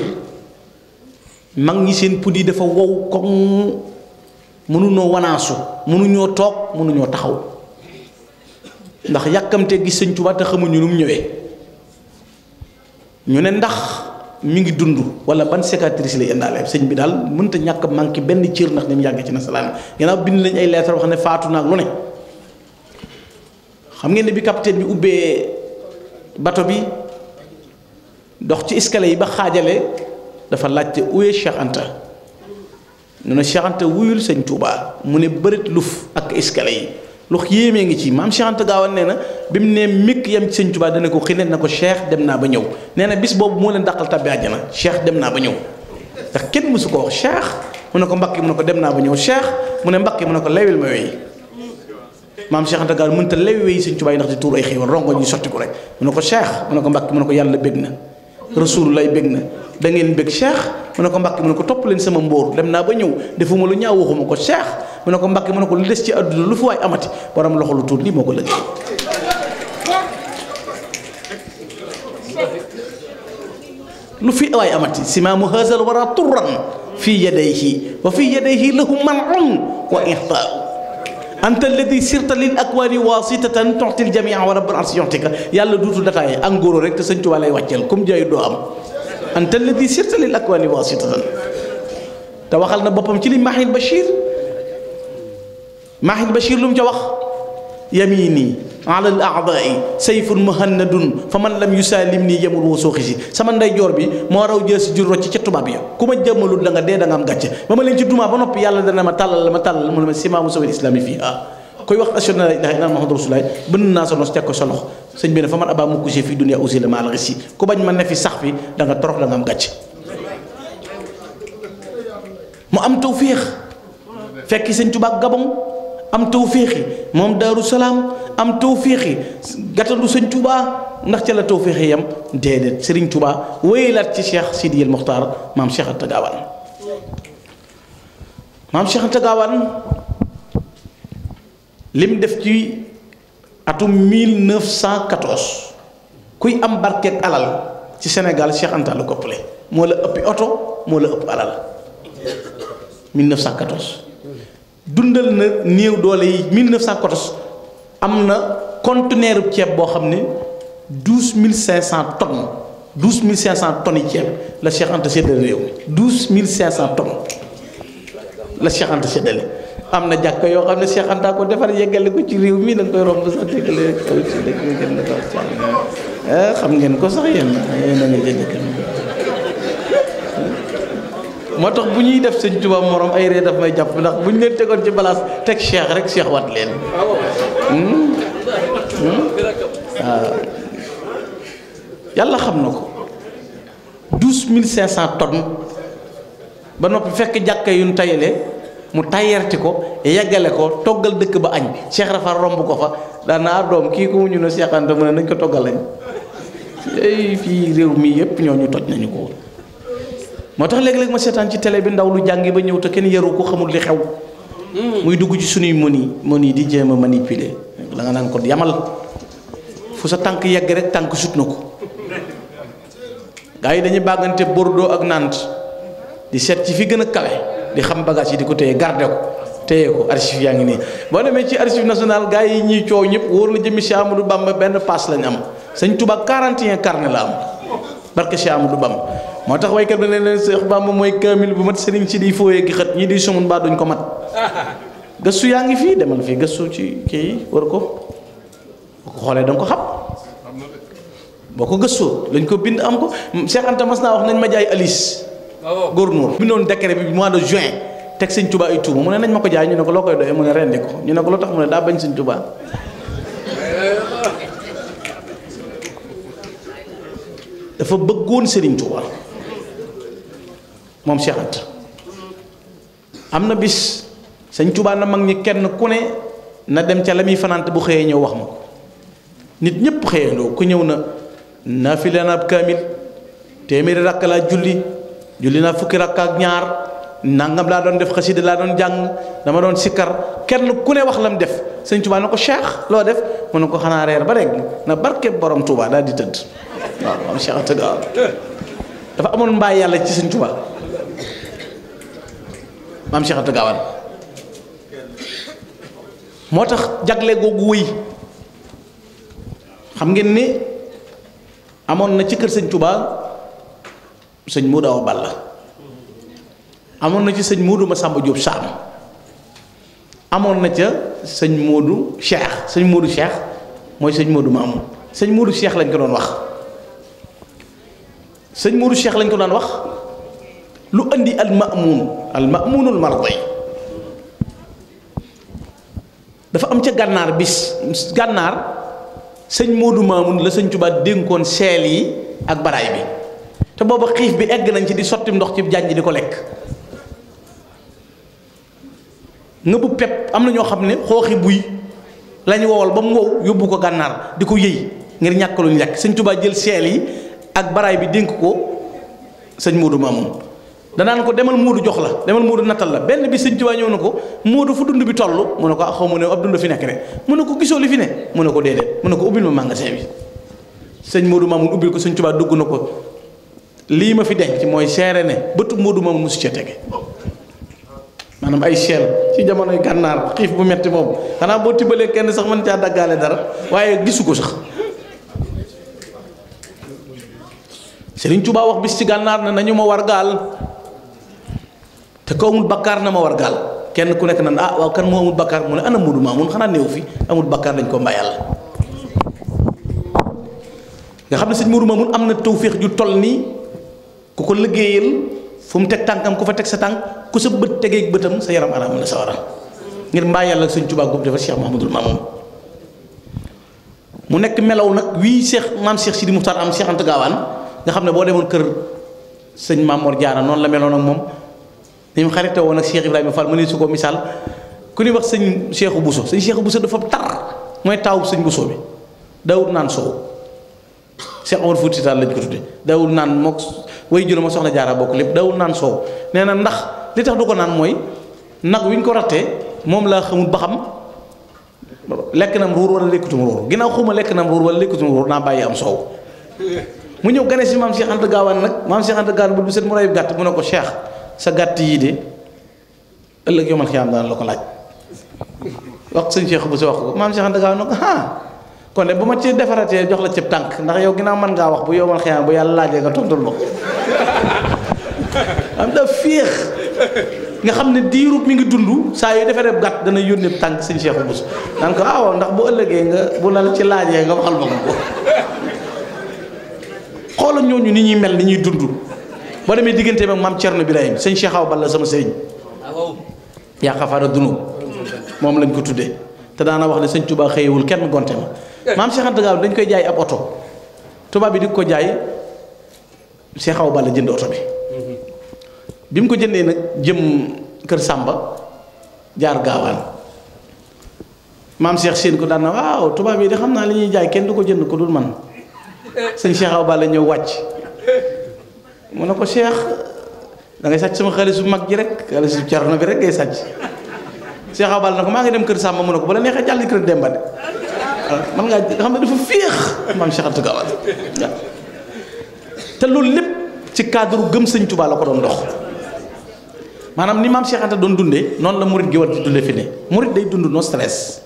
mag ñi seen pud dafa wow koŋ mënuñoo wanaasu mënuñoo toog mënuñoo taxaw ndax yàkkamte gis sëñ Tuubaa te xamuñu nu mu ñu ne ndax mu ngi dund wala ban cicatrice lay indaale sëñ bi daal mënta ñàkk manqué benn cër ndax ni mu yàggee ci nasaraan gannaaw bind lañ ay lettre wax ne faatu naag lu ne xam ngeen ne bi capitaine bi ubbee bato bi dox ci escalier yi ba xaajale dafa laajte uye Cheikh Anta ñu ne wuyul sëñ Touba mu ne bërit luf ak escalier yi lu yéemee ngi ci maam Cheikh Anta Gaawaan nee na bi mu ne mikk yam ci sëñ Tuubaa dana ko xinet na ko Cheikh dem naa ba ñëw nee na bis boobu moo leen dàqal tàbbi àjjana Cheikh dem naa ba ñëw ndax kenn mësu ko wax Cheikh mu ne ko mbakki mu ne ko dem naa ba ñëw Cheikh mu ne mbakki mu ne ko lewil ma wey maam Cheikh Anta Gaawaan mënta lewi wey sëñ Tuubaa yi ndax di tuur ay xéewal rongoñ ñu sotti ko rek mu ne ko Cheikh mu ne ko mbakki mu ne ko yàlla bég na rasul lay bég na da ngeen bég mu ne ko mbàkke mu ne ko topp leen sama mbóor dem naa ba ñëw defuma lu ñaaw waxuma ko cheikh mu ne ko mbàkke mu ne ko lu des ci àdduna lu fi waay amati borom loxo lu tuut lii moo ko lëg lu fii yadayhi wa fii yadayhi lahu manun wa anta alladi sirta lil akwaani waasitatan toxtil jamia wa rabbal arsi yoxtika yàlla duutul dataay ak ngóoro rek te sëñ Tuubaa lay wàcceel comme jaay doo am anta alladi sirta lil akwaani waasitatan te waxal na boppam ci li Maahil Bachir Maahil Bachir lu mu ca wax yamini ala al aadaai sayfun muhannadun fa man lam yusalim nii yemul woo sooxi sama ndeyjoor bi moo raw jël si jur rocc ca tubaab ya ku ma jëmmalul da nga dee da nga am gàcce ba ma leen ci dumaa ba noppi yàlla dana ma tàllal ma tàllal mu ne ma simaamu sawil islaami fii ah koy wax ashhadu an laa ilaaha illallaah muhammadu rasulullaah bënn naa sa nos teg ko sa loxo sëñ bi ne fa man abaa mukkuse fii duniyaa aussi la ma alxis yi ku bañ ma ne fi sax fi da torox da am gàcce am tawféexi moom daaru salaam am tawféexi gàttandu sëñ Touba ndax ca la tawféexi yam déedéet sëriñ Touba wéyalaat ci Cheikh Sidiyel Mokhtar maam Cheikh Anta Gaawaan maam Cheikh Gaawaan lim def ci atum 1914 kuy am barkeeg alal ci Sénégal Cheikh Anta la moo la ëppi oto moo la ëpp alal dundal na néew doole yi 1914 am na conteneur ceeb boo xam ne 12500 tonnes 12500 tonnes yi ceeb la Cheikh Anta séddale réew mi cent tonnes la Cheikh Anta séddale am na jàkka yoo xam ne Cheikh Anta ko defar yeggale ko ci réew mii da koy romb sax déggale kaw ci ngeen xam ngeen ko sax yéen yéen a ngi jënd moo tax bu ñuy def sëñ Tuubaa moroom ay ree daf may jàpp ndax bu ñu leen tegoon ci balaas teg cheikh rek cheikh wat leen waaw hmm? hmm? ah. yàlla xam na ko douze mille cinq cent tonnes ba noppi fekk jàkka yu ñu tayale mu tayerti ko yeggale ko toggal dëkk ba añ Cheikh Rafal romb ko fa daanaa ah, doom kii ko wuñu na Cheikh Anta mu nañ ko toggal añ fii réew mii yépp ñoo ñu toj nañu ko moo tax léegi léeg ma seetaan ci tele bi ndaw lu jàngi ba ñëw te kenn yaru ko xamul li xew. Hmm. muy dugg ci suñuy mën yi mën yi di jéem a manipuler la nga naan ko yamal fu sa tànk yegg rek tànk sut ko gars yi dañuy bàggante Bordeaux ak Nantes di seet ci fi gën a kawe di xam bagage yi di ko téye garde ko téye ko archive yaa ngi nii boo demee ci archive nationale gars yi ñuy coow ñëpp wóor la jëmmi Cheikh Amadou Bamba benn paas lañ am Sëñ Tuubaa 41 carnet la am barke Cheikh moo tax waykat bi ne leen Seex Bamba mooy kaamil bu mat sëriñ si di fooyee gi xët ñi di sumun ba duñ ko mat gëstu yaa ngi fii demal fii gëstu ci kii war ko boo ko xoolee danga ko xam boo ko gëstoo lañ ko bind am ko Seex Anta naa wax nañ ma jaay alice ah góornóor bindoon décret bi mois de juin teg sëñ Tuubaa ay tuuma mu ne nañ ma ko jaay ñu ne ko loo koy doyee mu ne rendi ko ñu ne ko loo tax mu ne daa bañ sëñ Tuubaa dafa bëggoon Sëriñ Tuubaa moom Cheikh am na bis sëñ Tuubaa na mag ñi kenn ku ne na dem ca la muy fanaan bu xëyee ñëw wax ma ko nit ñépp xëyandoo ku ñëw na naafile na ab kaamil téeméeri rakk laa julli julli naa fukki rakk ak ñaar nangam laa doon def xasida laa doon jàng dama doon sikkar kenn ku ne wax lam def sëñ Tuubaa na ko Cheikh loo def mu ne ko xanaa reer ba rek na barke borom Tuubaa daal di tëdd waaw am Cheikh Anta dafa amoon mbaay yàlla ci sëñ Tuubaa maam Cheikh Gaawaan moo tax jagle googu wëy xam ngeen ne amoon na ci kër sëñ Touba sëñ Moodu Awa Balla amoon na ci sëñ Moodu Masamba Diop Saam amoon na ca sëñ Moodu Cheikh sëñ Moodu Cheikh mooy sëñ Moodu sëñ Moodu Cheikh lañ ko doon wax sëñ Moodu Cheikh lañ ko doon wax. lu indi al maamuun al maamuunul dafa am ca gànnaar bis gànnaar sëñ Moodu Maamun la sëñ Tuubaa dénkoon seel yi ak baraay bi te booba xiif bi egg nañ ci di sotti ndox ci jànj di ko lekk nga bu pepp am na ñoo xam ne xooxi buy lañ wowal ba mu wow yóbbu ko gànnaar di ko yëy ngir ñàkk luñ lekk sëñ Tuubaa jël seel yi ak baraay bi dénk ko sëñ Moodu Maamun danaan ko demal muudu jox la demal muudu nattal la benn bi sëñ Tuubaa ñëw na ko muudu fu dund bi toll mu ne ko ah xaw ma ne ab dund fi nekk de mu ne ko gisoo li fi ne mu ne ko déedéet mu ne ko ubbil ma magasin bi sëñ Moodu Maamun ubbil ko sëñ Tuubaa dugg na ko lii ma fi denc mooy seere ne bëtu Moodu Maamun mosu cee tege maanaam ay chel ci jamonoy gànnaar xiif bu metti moom xanaa boo tibbalee kenn sax mën caa daggaale dara waaye gisu ko sax Sëriñ Tuubaa wax ci gànnaar ne nañu ma wargaal te ko amul bakkaar na ma war gaal kenn ku nekk nan ah waaw kan moo amul bakkaar mu ne ana mudu maamun xanaa néew fi amul bakkaar dañ ko mbay yàlla nga xam ne sëñ mudu am na tawféex ju toll nii ku ko liggéeyal teg tànkam ku fa teg sa tànk ku sa bëtam sa yaram araam ngir mbaa yàlla sëñ Tuubaa boobu dafa Cheikh Mahamadul Maamun mu nekk melow nag wii Cheikh maam si Sidi Muxtaar am Cheikh Gaawaan nga xam ne boo demoon kër sëñ Maam Mor Jaara noonu la meloon moom ni mu xarite woon ak Cheikh Ibrahima Fall ma ne su ko misaal ku ñuy wax sëñ Cheikh Bousso sëñ Cheikh Bousso dafa tar mooy taawu sëñ Bousso bi daawul naan soow Cheikh Omar Fouti Tall lañ naan mook way juróom ma soxna jaara bokk lépp daawul naan soow nee na ndax li tax du ko naan mooy nag wi ñu ko rattee moom laa xamul ba xam lekk nam ruur wala lekkutum ruur ginnaaw xuma lekk nam ruur wala lekkutum ruur naa bàyyi am soow mu ñëw gane si maam Cheikh Anta Gaawaan nag maam Cheikh Anta Gaawaan bu set mu ko Cheikh sa gàtt yii de ëllëg yomal xiyaam daan la ko laaj wax sëñ Cheikh bu si wax ko maam Cheikh Ndaka nag ah kon de bu ma ci defaratee jox la cib tànk ndax yow ginnaaw mën ngaa wax bu yomal xiyaam bu yàlla laajee nga tontul ma am da féex nga xam ne diirub mi ngi dund saa yu defaree gàtt dana yónnee tànk sëñ Cheikh bu su naan ko ah ndax bu ëllëgee nga bu la ci laajee nga waxal ma ko xoolal ñooñu ni ñuy mel ni ñuy dund. boo demee diggante ba maam Thierno na sëñ Cheikh Awa bala sama sëriñ yaa xafaara dunu moom lañ ko tuddee te daana wax ne sëñ Touba xëyewul kenn gonte ma maam Cheikh dañ koy jaay ab oto tubaab bi di ko jaay Cheikh Awa jënd oto bi bi ko jëndee nag jëm kër Sàmba jaar gaawaan maam Cheikh seen ko daan waaw tubaab yi de xam naa li ñuy jaay kenn du ko jënd ko dul man eh. sëñ Cheikh Awa ñëw wàcc mu ne ko Cheikh da ngay sàcc sama xaalis bu mag ji rek xaalis bu na bi rek ngay sàcc Cheikh Abal na ko maa ngi dem kër Samba mu ne ko bala neexee jàll kër Demba ah, man ngaa nga xam ne dafa féex maam Cheikh Anta Gaawaan te loolu lépp ci cadre gëm sëñ Tuubaa la ko doon ndox maanaam ni maam Cheikh Anta doon dundee noonu la murit gi war di dundee fi ne murit day dund no stress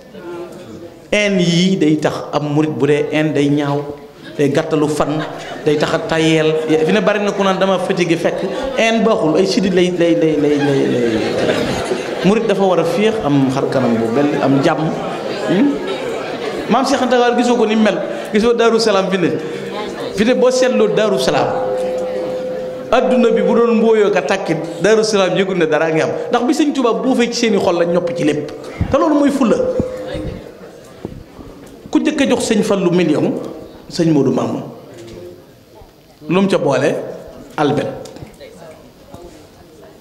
haine yii day tax am murit bu dee haine day ñaaw. day gàttalu fan day tax a fi ne bari na ku naan dama fatigué fekk en baaxul ay sidit lay lay lay murit dafa war a féex am xar kanam bu bel am jàmm hmm? maam Cheikh Anta Diagne gisoo ko ni mel gisoo Daaru Salaam boo seetloo Daaru Salaam adduna bi bu doon mbooyoo ka tàkkit Daaru Salaam yëgul ne dara ngi am ndax bi sëñ Tuubaa buufee ci seen i xol la ñopp ci lépp te loolu mooy fulla ku jëkk a jox sëñ lu million sëñ Modou Mamoun lu mu ca boole albert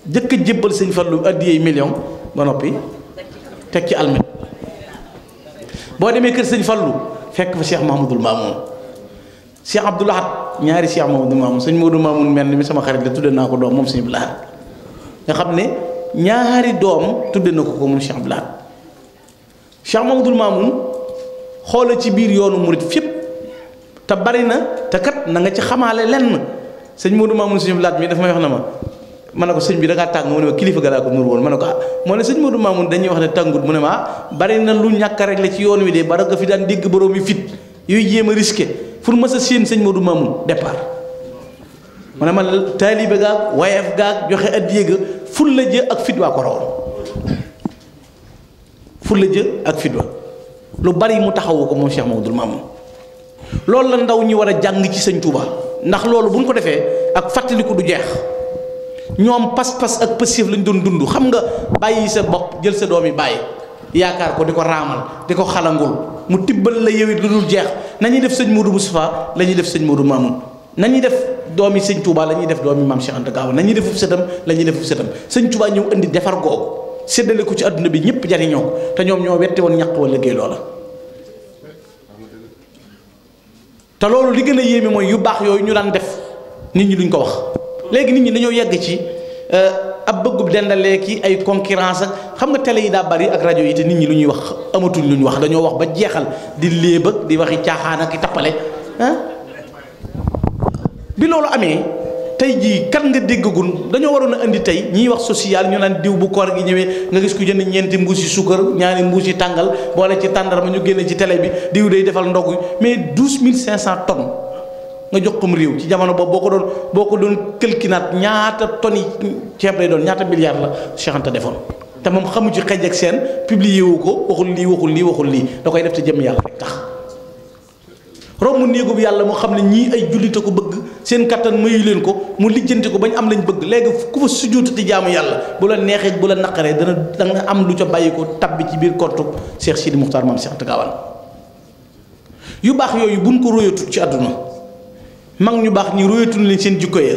jëkk a jébbal sëñ Fallu addiyee million ba noppi teg ci almet boo demee kër sëñ Fallu fekk fa seex Mahamadul Mamoun Cheikh Abdou Lahad ñaari Cheikh Mahamadul Mamoun sëñ Modou Mamoun mel ni mi sama xarit la tudde naa ko doom moom sëñ Abdou Lahad nga xam ne ñaari doom tudde na ko ko moom Cheikh xoola ci biir yoonu murit fépp te bari na te kat na nga ci xamaale lenn sëñ Modou Mamoun suñu laat mi dafa may wax na ma ma ne ko sëñ bi da ngaa tàng mu ne ma kilifa ga laa ko nur woon ma ne ko ah sëñ Modou Mamoun dañuy wax ne tàngut mu ne ma ah bari na lu ñàkk rek la ci yoon wi de ba nga fi daan dégg borom yi fit yooyu jéem a pour ma sa séen sëñ Modou ma taalibe gaag wayaf gaag joxe addiye ga ful la jë ak fit waa ko rawoon ful la jë ak fit wa lu bari mu taxawu ko moom Cheikh Mamadou Mamoun. loolu la ndaw ñi war a jàng ci sëñ Touba ndax loolu bu ñu ko defee ak fàttaliku du jeex ñoom pas-pas ak passif lañ doon dund xam nga bàyyi sa bopp jël sa doom yi bàyyi yaakaar ko di ko raamal di ko xalangul mu tibbal la yewit lu dul jeex nañuy def sëñ Modou Moustapha la ñuy def sëñ Modou Mamoun nañuy def doom doomi sëñ Touba la ñuy def doomi Maam Cheikh Anta Gaawaan nañuy defu fu sëtam la ñuy def fu sëtam sëñ Touba ñëw indi defar googu séddale ko ci àdduna bi ñëpp jar ko te ñoom ñoo wette woon ñàq wala liggéey loola te loolu li gën a yéeme mooy yu baax yooyu ñu daan def nit ñi duñ ko wax léegi nit ñi dañoo yegg ci euh, ab bëggu dendalee ki ay concurrence ak xam nga télé yi daa bari ak rajo yi te nit ñi lu ñuy wax amatuñ lu ñu wax dañoo wax ba jeexal di léeb ak di waxi caaxaan ak i tappale ah bi loolu amee. tey jii kat nga déggagul dañoo waroon a indi tey ñiy wax social ñoo naan diw bu koor ngi ñëwee nga gis ku jënd ñeenti mbuus yi suukar ñaari mbuus yi tàngal boole ci tàndarma ñu génne ci tele bi diw day defal ndog mais douze mille cinq cent tonnes nga jox ko mu réew ci jamono boobu boo ko doon boo ko doon këlkinaat ñaata tonnes yi ceeb lay doon ñaata milliards la Cheikh Anta defoon. te moom xamu ci xëj ak seen publier wu ko waxul lii waxul lii waxul lii da koy def te jëmm yàlla tax. romb néegub yàlla moo xam ne ñii ay a ko bëgg seen kattan mayu leen ko mu lijjanti ko bañ am lañ bëgg léegi ku fa sujjuutati jaamu yàlla bu la neexee bu la naqaree dana danga am lu ca bàyyi ko tabbi ci biir kortu Cheikh Sidi Muxtaar maam Cheikh Gaawaan yu baax yooyu buñ ko royatut ci àdduna mag ñu baax ñi royatuñ leen seen jikko ya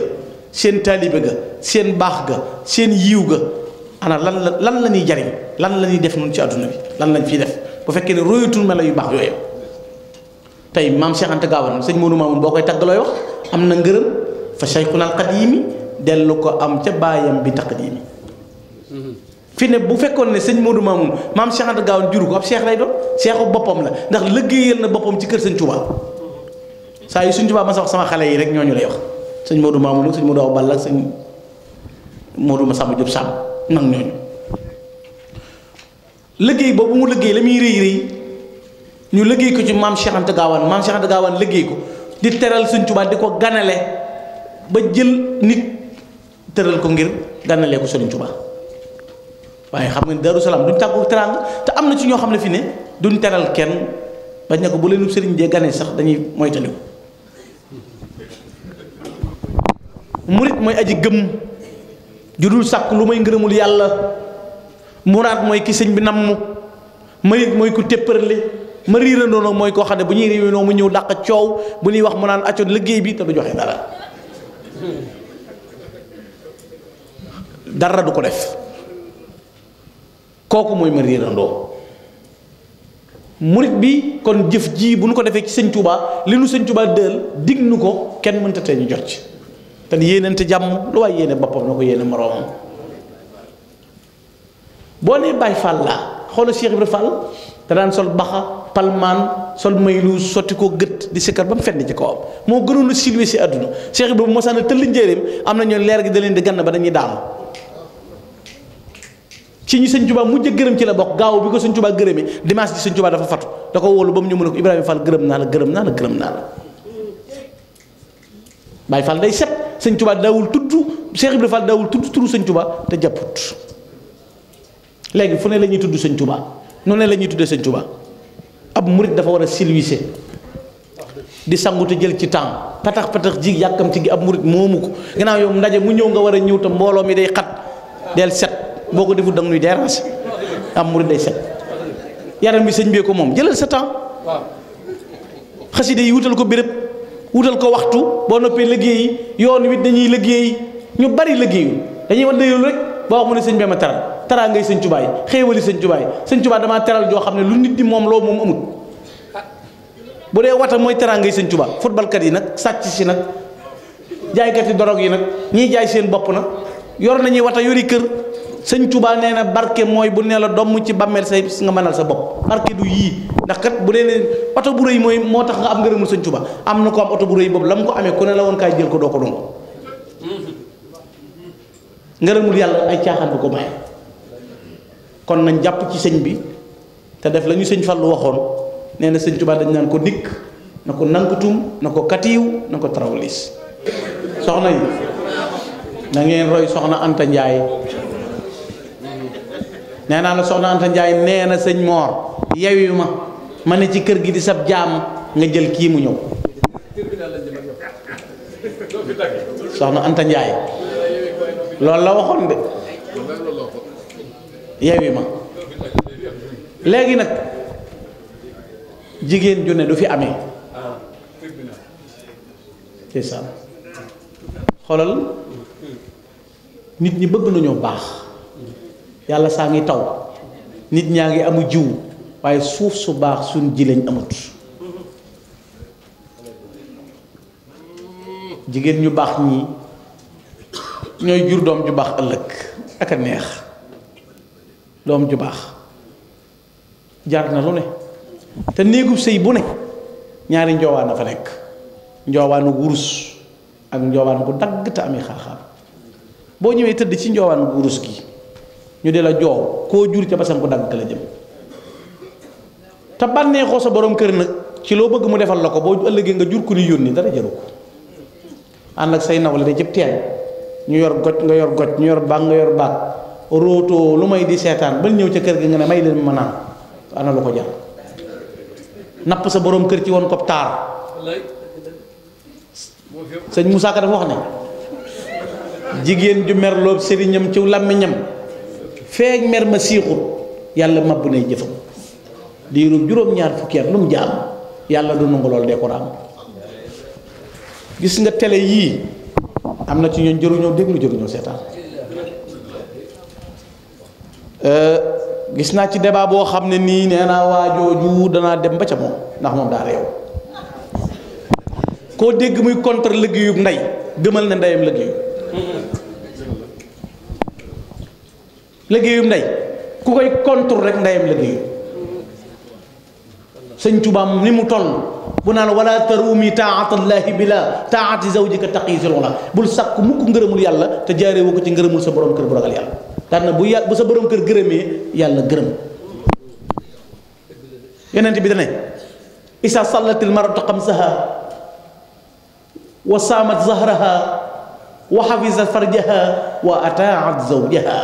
seen taalibe ga seen baax ga seen yiw ga ana lan la lan la ñuy jariñ lan la ñuy def noonu ci àdduna bi lan lañ fiy def bu fekkee ne royatuñ mela yu baax yooyu tey maam Cheikh Anta sëñ Modou Mamoun boo koy tagg looy wax am na ngërëm fa Cheikhul Qadimi dellu ko am ca baayam bi taq taqdimi fi ne bu fekkoon ne sëñ Modou Mamoun maam Cheikh Anta Gaawaan juru ko ab lay doon cheikhu boppam la ndax liggéeyal na boppam ci kër sëñ Touba saa yu sëñ Touba ma sa wax sama yi rek ñooñu lay wax sëñ Modou Mamoun ak sëñ Modou Awa Balla ak sëñ Modou Massamba Diop Samb nag ñooñu liggéey boobu mu liggéey la muy rëy rëy ñu liggéey ko ci maam Cheikh Anta Gaawaan maam Cheikh Gaawaan liggéey ko di teral Sëñ Tuubaa di ko ganale ba jël nit tëral ko ngir ganalee ko Sëñ Tuubaa waaye xam nga Daaru Salaam duñ tàggoo teraanga te am na ci ñoo xam ne fi ne duñ teral kenn bañ ne ko bu leen sëriñ dee gane sax dañuy moytandiku murit mooy aji gëm ju dul sàkk lu may ngërëmul yàlla muraad mooy ki sëñ bi namm mayit mooy ku téppërle ma riirandoo mooy koo xam ne bu ñuy réew mu ñëw dàq coow bu ñuy wax mu naan accoon liggéey bi te du joxe dara dara du ko def kooku mooy ma riirandoo murit bi kon jëf ji bu nu ko defee ci sëñ Touba li nu sëñ Touba dël digg nu ko kenn mënta te ñu jot ci te yéenante jàmm lu waaye yéene boppam na ko yéene moroomam boo nee Baay Faal xoolal Cheikh Ibrahima Fall da daan sol baxa palmaan sol maylu sotti ko gët di sikkar ba mu fenn ci kawam moo gënoon a silwee si àdduna Cheikh Ibrahima mosaan a tëll njéeréem am na ñoon leer leen di gann ba dañuy daanu ci ñu sëñ Tuubaa mujj gërëm ci la bokk gaaw bi ko sëñ Tuubaa gërëmee dimanche ci sëñ Tuubaa dafa fatu da ko wóolu ba mu ñu mën a ko Ibrahima Fall gërëm naa la gërëm naa la gërëm naa la Baay Fall day set sëñ Tuubaa daawul tudd Cheikh Ibrahima Fall daawul tudd turu sëñ Tuubaa te jàpput léegi fu ne la ñuy tudd sëñ Touba noonu la ñuy tuddee sëñ Touba ab murit dafa war a silwise di sangutu jël ci temps patax patax ji yàkkamti gi ab murit moomu ko gannaaw yow ndaje mu ñëw nga war a ñëw te mbooloo mi day xat del set boo ko defut da nga nuy déranger ab murit day set yaram bi sëñ bee moom jëlal sa temps xasida yi wutal ko béréb wutal ko waxtu boo noppee liggéey yi yoon wi dañuy liggéey ñu bari liggéeyu dañuy wan rek. ba wax mu ne sëñ bee ma teral teraa ngay sëñ tubaay xéewali sëñ tubaay sëñ tubaay damaa teral joo xam ne lu nit di moom loo moom amut bu dee wata mooy teraa ngay sëñ tubaa footballkat yi nag sàcc si nag jaaykati dorog yi nag ñiy jaay seen bopp na yor nañuy wata yori kër sëñ tubaa nee na barke mooy bu nee la domm ci bàmmeel say nga mënal sa bopp barke du yii ndax kat bu dee ne oto bu rëy mooy moo tax nga am ngërëmul sëñ tubaa am na ko oto bu rëy la ko amee ku ne la woon ko doo ko doon ngërëmul yàlla ay caaxaan bu ko maye kon nañ jàpp ci sëñ bi te def lañu sëñ Fallu waxoon nee na sëñ Tuubaa dañ naan ko dikk na ko nankutum na ko katiiw na ko trawlis soxna yi da ngeen roy soxna Anta Njaay nee naa la soxna Anta Njaay nee na sëñ Moor yewi ma ma ne ci kër gi di sab jaam nga jël kii mu ñëw soxna Anta Njaay loolu la waxoon de yewi ma léegi nag jigéen ju ne du fi amee ndeysaan xoolal nit ñi bëgg nañoo baax yàlla saa ngi taw nit ñaa ngi amu jiw waaye suuf su baax suñ ji lañ amut jigéen ñu baax ñi ñooy jur doom ju baax ëllëg ak a neex doom ju baax jaar na lu ne te néegub sëy bu ne ñaari njoowaan a fa nekk njoowaanu wurus ak njoowaan gu dagg te ami xaaxaam boo ñëwee tëdd ci njoowaan wurus gi ñu dee la joow koo jur ca basan gu dagg la jëm te bànneexoo sa boroom kër nag ci loo bëgg mu defal la ko boo ëllëgee nga jur ku ni yónni dara jaru ko ànd ak say nawle da cib teen ñu yor goj nga yor goj ñu yor baag nga yor baax rootoo lu may di seetaan bal ñëw ca kër gi nga ne may leen ma naan ana lu ko jar napp sa boroom kër ci won ko taar sëñ Moussa Ka dafa wax ne jigéen ju mer loob sëriñam ci làmmiñam feeñ mer ma siixut yàlla mabbu nay jëfam diiru juróom-ñaar fukki at lu mu jaam yàlla du nangu lool dee ko raam gis nga télé yii am na ci ñooñ jëruñoo déglu jëruñoo seetaan euh, gis naa ci débat boo xam ne nii nee naa waajooju danaa dem ba ca moom ndax moom daa réew koo dégg muy contre liggéeyub ndey gëmal ne ndeyam liggéeyu liggéeyub ndey ku koy contre rek ndeyam liggéeyu sëñ Tuubaa ni mu toll bu naan wala tarumi taatallaahi bi la taati zawjika taqi sil la bul sàkk mukk ngërëmul yàlla te jaarewu ko ci ngërëmul sa borom kër bu ragal yàlla daan na bu yàlla bu sa borom kër gërëmee yàlla gërëm yonent bi dane isa sallatil maratu xamsaha wa saamat zahraha wa xafisat farjaha wa ataat zawjaha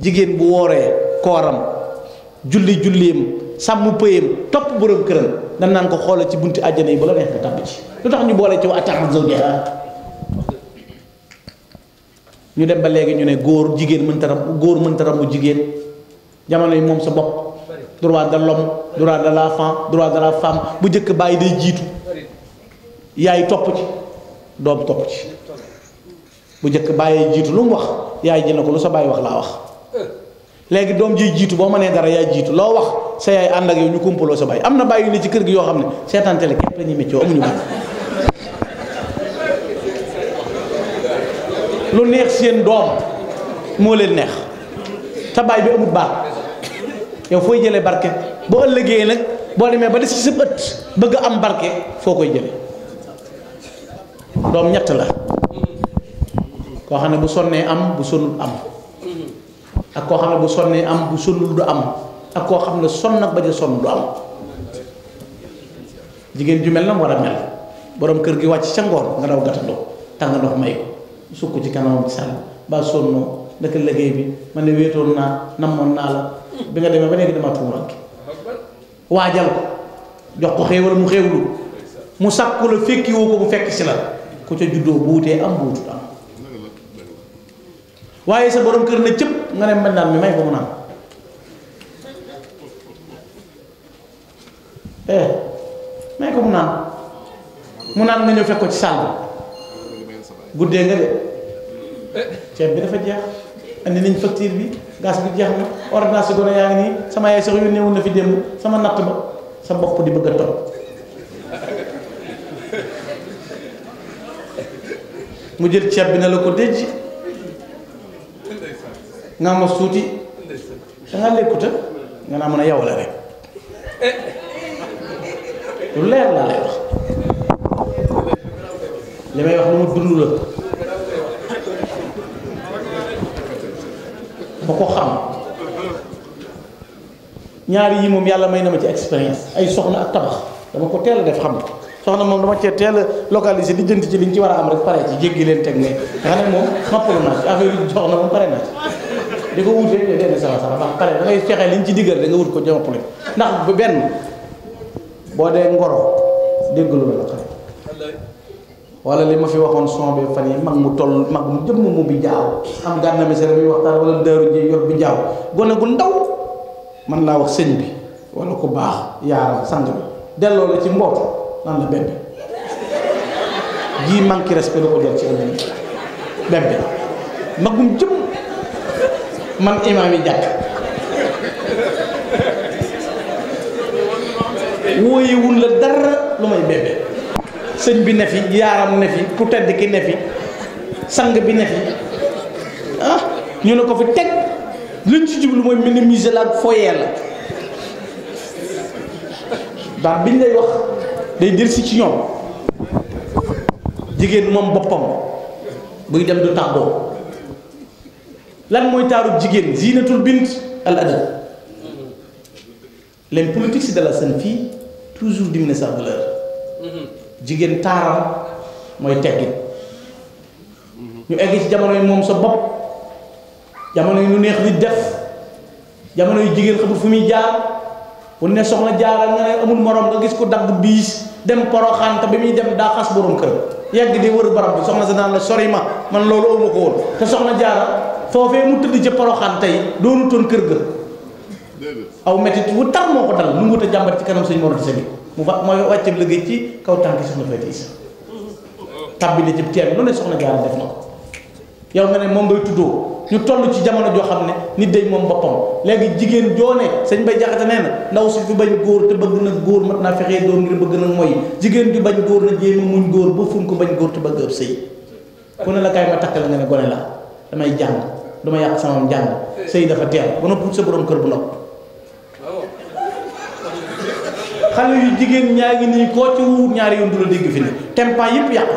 jigéen bu wooree kooram julli julliim sàmm pëyam topp borom këram nan naan ko xoola ci bunt àjjana yi bu la neex nga tàbb ci lu tax ñu boole ci wa ataxat zawjaha ñu dem ba léegi ñu ne góor jigéen mënta ram góor mënta ramu jigéen jamono yi moom sa bopp droit de l'homme droit de l'enfant droit de la femme bu njëkk bàyyi day jiitu yaay topp ci doom topp ci bu njëkk bàyyee jiitu lu mu wax yaay ji na ko lu sa bàyyi wax laa wax léegi doom jiy jiitu boo mënee dara yaay jiitu loo wax sa yaay ànd ak yow ñu kumpaloo sa baay am na bàyyi ne ci kër gi yoo xam ne seetaan télé képp la ñuy méccoo amuñu baay lu neex seen doom moo leen neex te baay bi amul baax yow fooy jëlee barke boo ëllëgee nag boo demee ba des ci sa ëtt bëgg am barke foo koy jëlee doom ñett la koo xam ne bu sonnee am bu sonnul am ak koo xam ne bu sonnee am bu sonnul du am ak koo xam ne sonn ak bañ a sonn du am jigéen ju mel na war a mel borom kër gi wàcc ca ngoon nga daw gàttandoo tàng ndox may ko sukk ci kanamam ci sàll ba sonnoo ndaka liggéey bi man ne wéetoon naa namoon naa la bi nga demee ba léegi dama tuuranke waajal ko jox ko xéewal mu xéewlu mu sàkku la fekki ko bu fekk si la ku ca juddoo bu wutee am bu am waaye sa boroom kër ne cëpp nga ne mel naan mi may ko mu naan eh, mu naan mu naan nga ñëw fekk ko ci saal bi guddee nga de ceeb bi dafa jeex andi nañ facture bi gaz bi jeex na ordonnance gone yaa ngi nii sama yaay sax yónnee woon na fi démb sama natt ba sa bopp di bëgg a toj mu jël ceeb bi na la ko déj nga ma suuti da nga lekkuta nga naa mën a yow la rek lu leer laa lay wax li may wax lu ma dund la ba ko xam ñaari yi moom yàlla may na ma ci expérience ay soxna ak tabax dama ko teel a def xam soxna moom dama cee teel a localisé di jënd ci liñ ci war a am rek pare ci jéggi leen teg ne xam ne moom noppalu naa ci affaire soxna moom pare naa ci di ko wut rek dafay indi sala sala ndax xale da ngay fexe liñ ci digal da nga wut ko jàppale ndax bu benn boo dee ngoro déggalu la xale wala li ma fi waxoon son fan mu toll mag mu bi jaaw am gànnaame seen bi waxtaan wala daaru ji yor bi jaaw gone gu ndaw man laa wax sëñ bi wala ku baax yaaram sang bi delloo la ci mboot naan la bébé jii manque respect la ko jël ci ëllëg bébé magum jëmm man imaam yi jàkk wóoyewul la dara lu may bébé sëñ bi ne fi yaaram ne fi ku tedd ki ne fi sang bi ne fi ah ñu ne ko fi teg luñ ci jublu mooy minimiser la ak foyee la ndax biñ lay wax day dir ci ñoom jigéen moom boppam buy dem du tàggoo lan mooy taarub jigéen ziinatul bint al adab les politiques de la seen fii toujours di ne sa la jigéen taaram mooy teggin ñu egg ci jamono yi moom sa bopp jamono yi lu neex di def jamono yu jigéen xamul fu muy jaar bu ne soxna jaaral nga ne amul moroom nga gis ko dagg biis dem poroxaan te bi muy dem daa xas borom kër yegg di wër barab bi soxna sa naan la sori ma man loolu awma ko woon te soxna jaara foofee mu tëdd ca poroxaan tey doonu toon kër ga aw métit wu tar moo ko dal nu ngut a jàmbat ci kanam sëñ Mor Anta Sali mu fa mooy wàcce liggéey ci kaw tànk soxna Faty Issa tabbi na ci teem lu ne soxna Jaara def na ko yow nga ne moom ngay tuddoo ñu toll ci jamono joo xam ne nit day moom boppam léegi jigéen joone sëñ ba jaxate nee na ndaw su fi bañ góor te bëgg nag góor mat naa fexee doon ngir bëgg na mooy jigéen ju bañ góor na jéem muñ góor bu fun ko bañ góor te bëgg ab sëy ne la kaay ma takk la nga ne gone la damay jàng du ma yàq sama njàng sëy dafa teel ba noppi sa borom kër bu nopp xale yu jigéen ñaa ngi nii koo ci wu ñaari yoon du la dégg fi ne tempa yëpp yàqu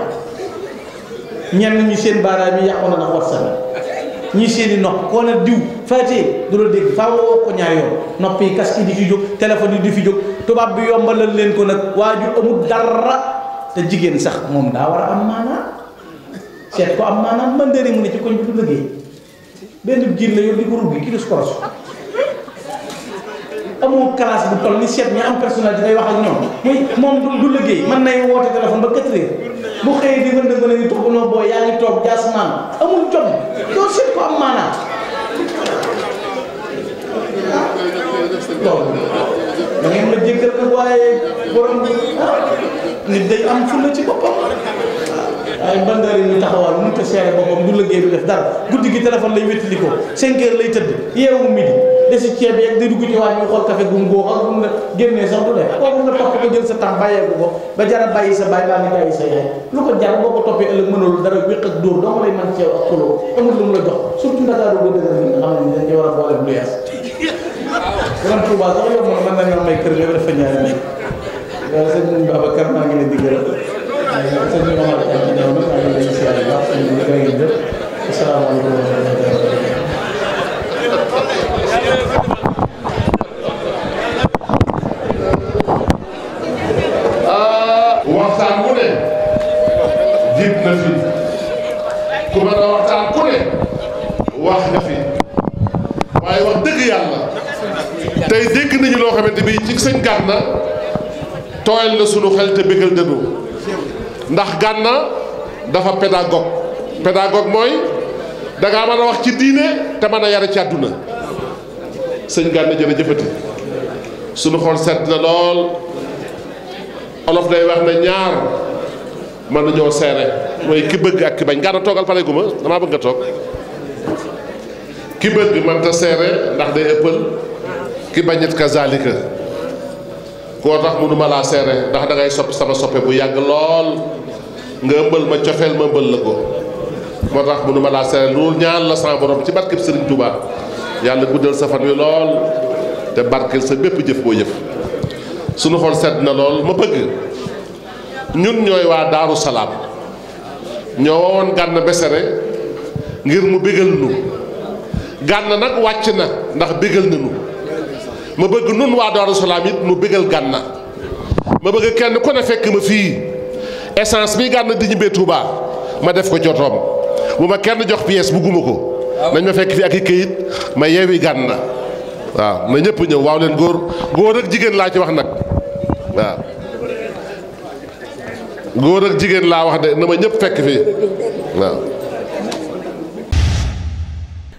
ñenn ñi seen baaraam yi ñi seen i nopp koo ne diw faatee du la dégg faaw woo ko ñaari yoon nopp yi casque yi di fi jóg téléphone yi di fi jóg tubaab bi yombalal leen ko nag waaju amul dara te jigéen sax moom daa war a am maanaa seet ko am maanaa man dëre mu ne ci koñ bu liggéey benn jiir la yor di ko ruggi ki des koros amoo classe bu toll ni seet ñi am personnalité day wax ak ñoom muy moom du liggéey mën nay woote téléphone ba 4 heures bu xëyee di rënd mën a ngi toog bunoo booy yaa ngi toog jasmaan amul jom yow seet ko am maanaa loolu da ma jéggal nag waaye borom ah, nit day am fulla ci boppam ay bandari ñu taxawal mënut a seere boppam du liggéey du def dara guddi gi téléphone lay wétali ko 5 heures lay tëdd yeewu midi desi ceeb yeeg day dugg ci waañ ñu xool café gum góox ak bu na jël sa temps ba jara bàyyi sa bàyyi baa nga sa yaay lu ko jar boo ko toppee ëllëg mënul dara doo lay la jox surtout Ndakaaru bu dëgër bi nga xam ne dañ ci a boole bu yees Grand Touba sax yow moom mën nañoo may kër nga dafa ñaari nekk waaye sëñ Babacar maa ngi leen di gërëm sëñ bi Omar Kane di ñëw nag maa ngi leen siyaare baax sëñ bi bëri ngeen jëf asalaamaaleykum wa rahmatulah. tey dégg nañu loo xamante bi ci sëñ Gana tooyal na sunu xel te bégal dënnu ndax Gana dafa pédagogue pédagogue mooy danga ngaa a wax ci diine te mën a yare ci àdduna sëñ Gana jërëjëfati sunu xol set na lool olof day wax na ñaar mën nañoo seere mooy ki bëgg ak ki bañ Gana toogal pare gu ma damaa bëgg nga toog ki bëgg mënta seere ndax day ëppal ki bañit kazalika koo tax mënuma laa seere ndax da ngay sopp sama soppe bu yàgg lool nga ëmbal ma cofeel ma ëmbal la ko moo tax mënuma laa seere loolu ñaan la sama borom ci barkeb Sëriñ Tuubaa yàlla guddal sa fan wi lool te barkeel sa bépp jëf boo jëf sunu xol sedd na lool ma bëgg ñun ñooy waa Daaru Salaam ñoo wowoon Gana Messere ngir mu bégal nu Gana nag wàcc na ndax bégal na nu ma bëgg nun waa Daaru Salaam it nu bëggal gànna ma bëgg kenn ku ne fekk ma fii essence bi gànna di ñibbee Touba ma def ko jotoom bu ma kenn jox pièce bugguma ko nañ ma fekk fi ak i këyit ma yeewi gànna waaw na ñëpp ñëw waaw leen góor góor ak jigéen laa ci wax nag waaw góor ak jigéen laa wax de na ma ñëpp fekk fii waaw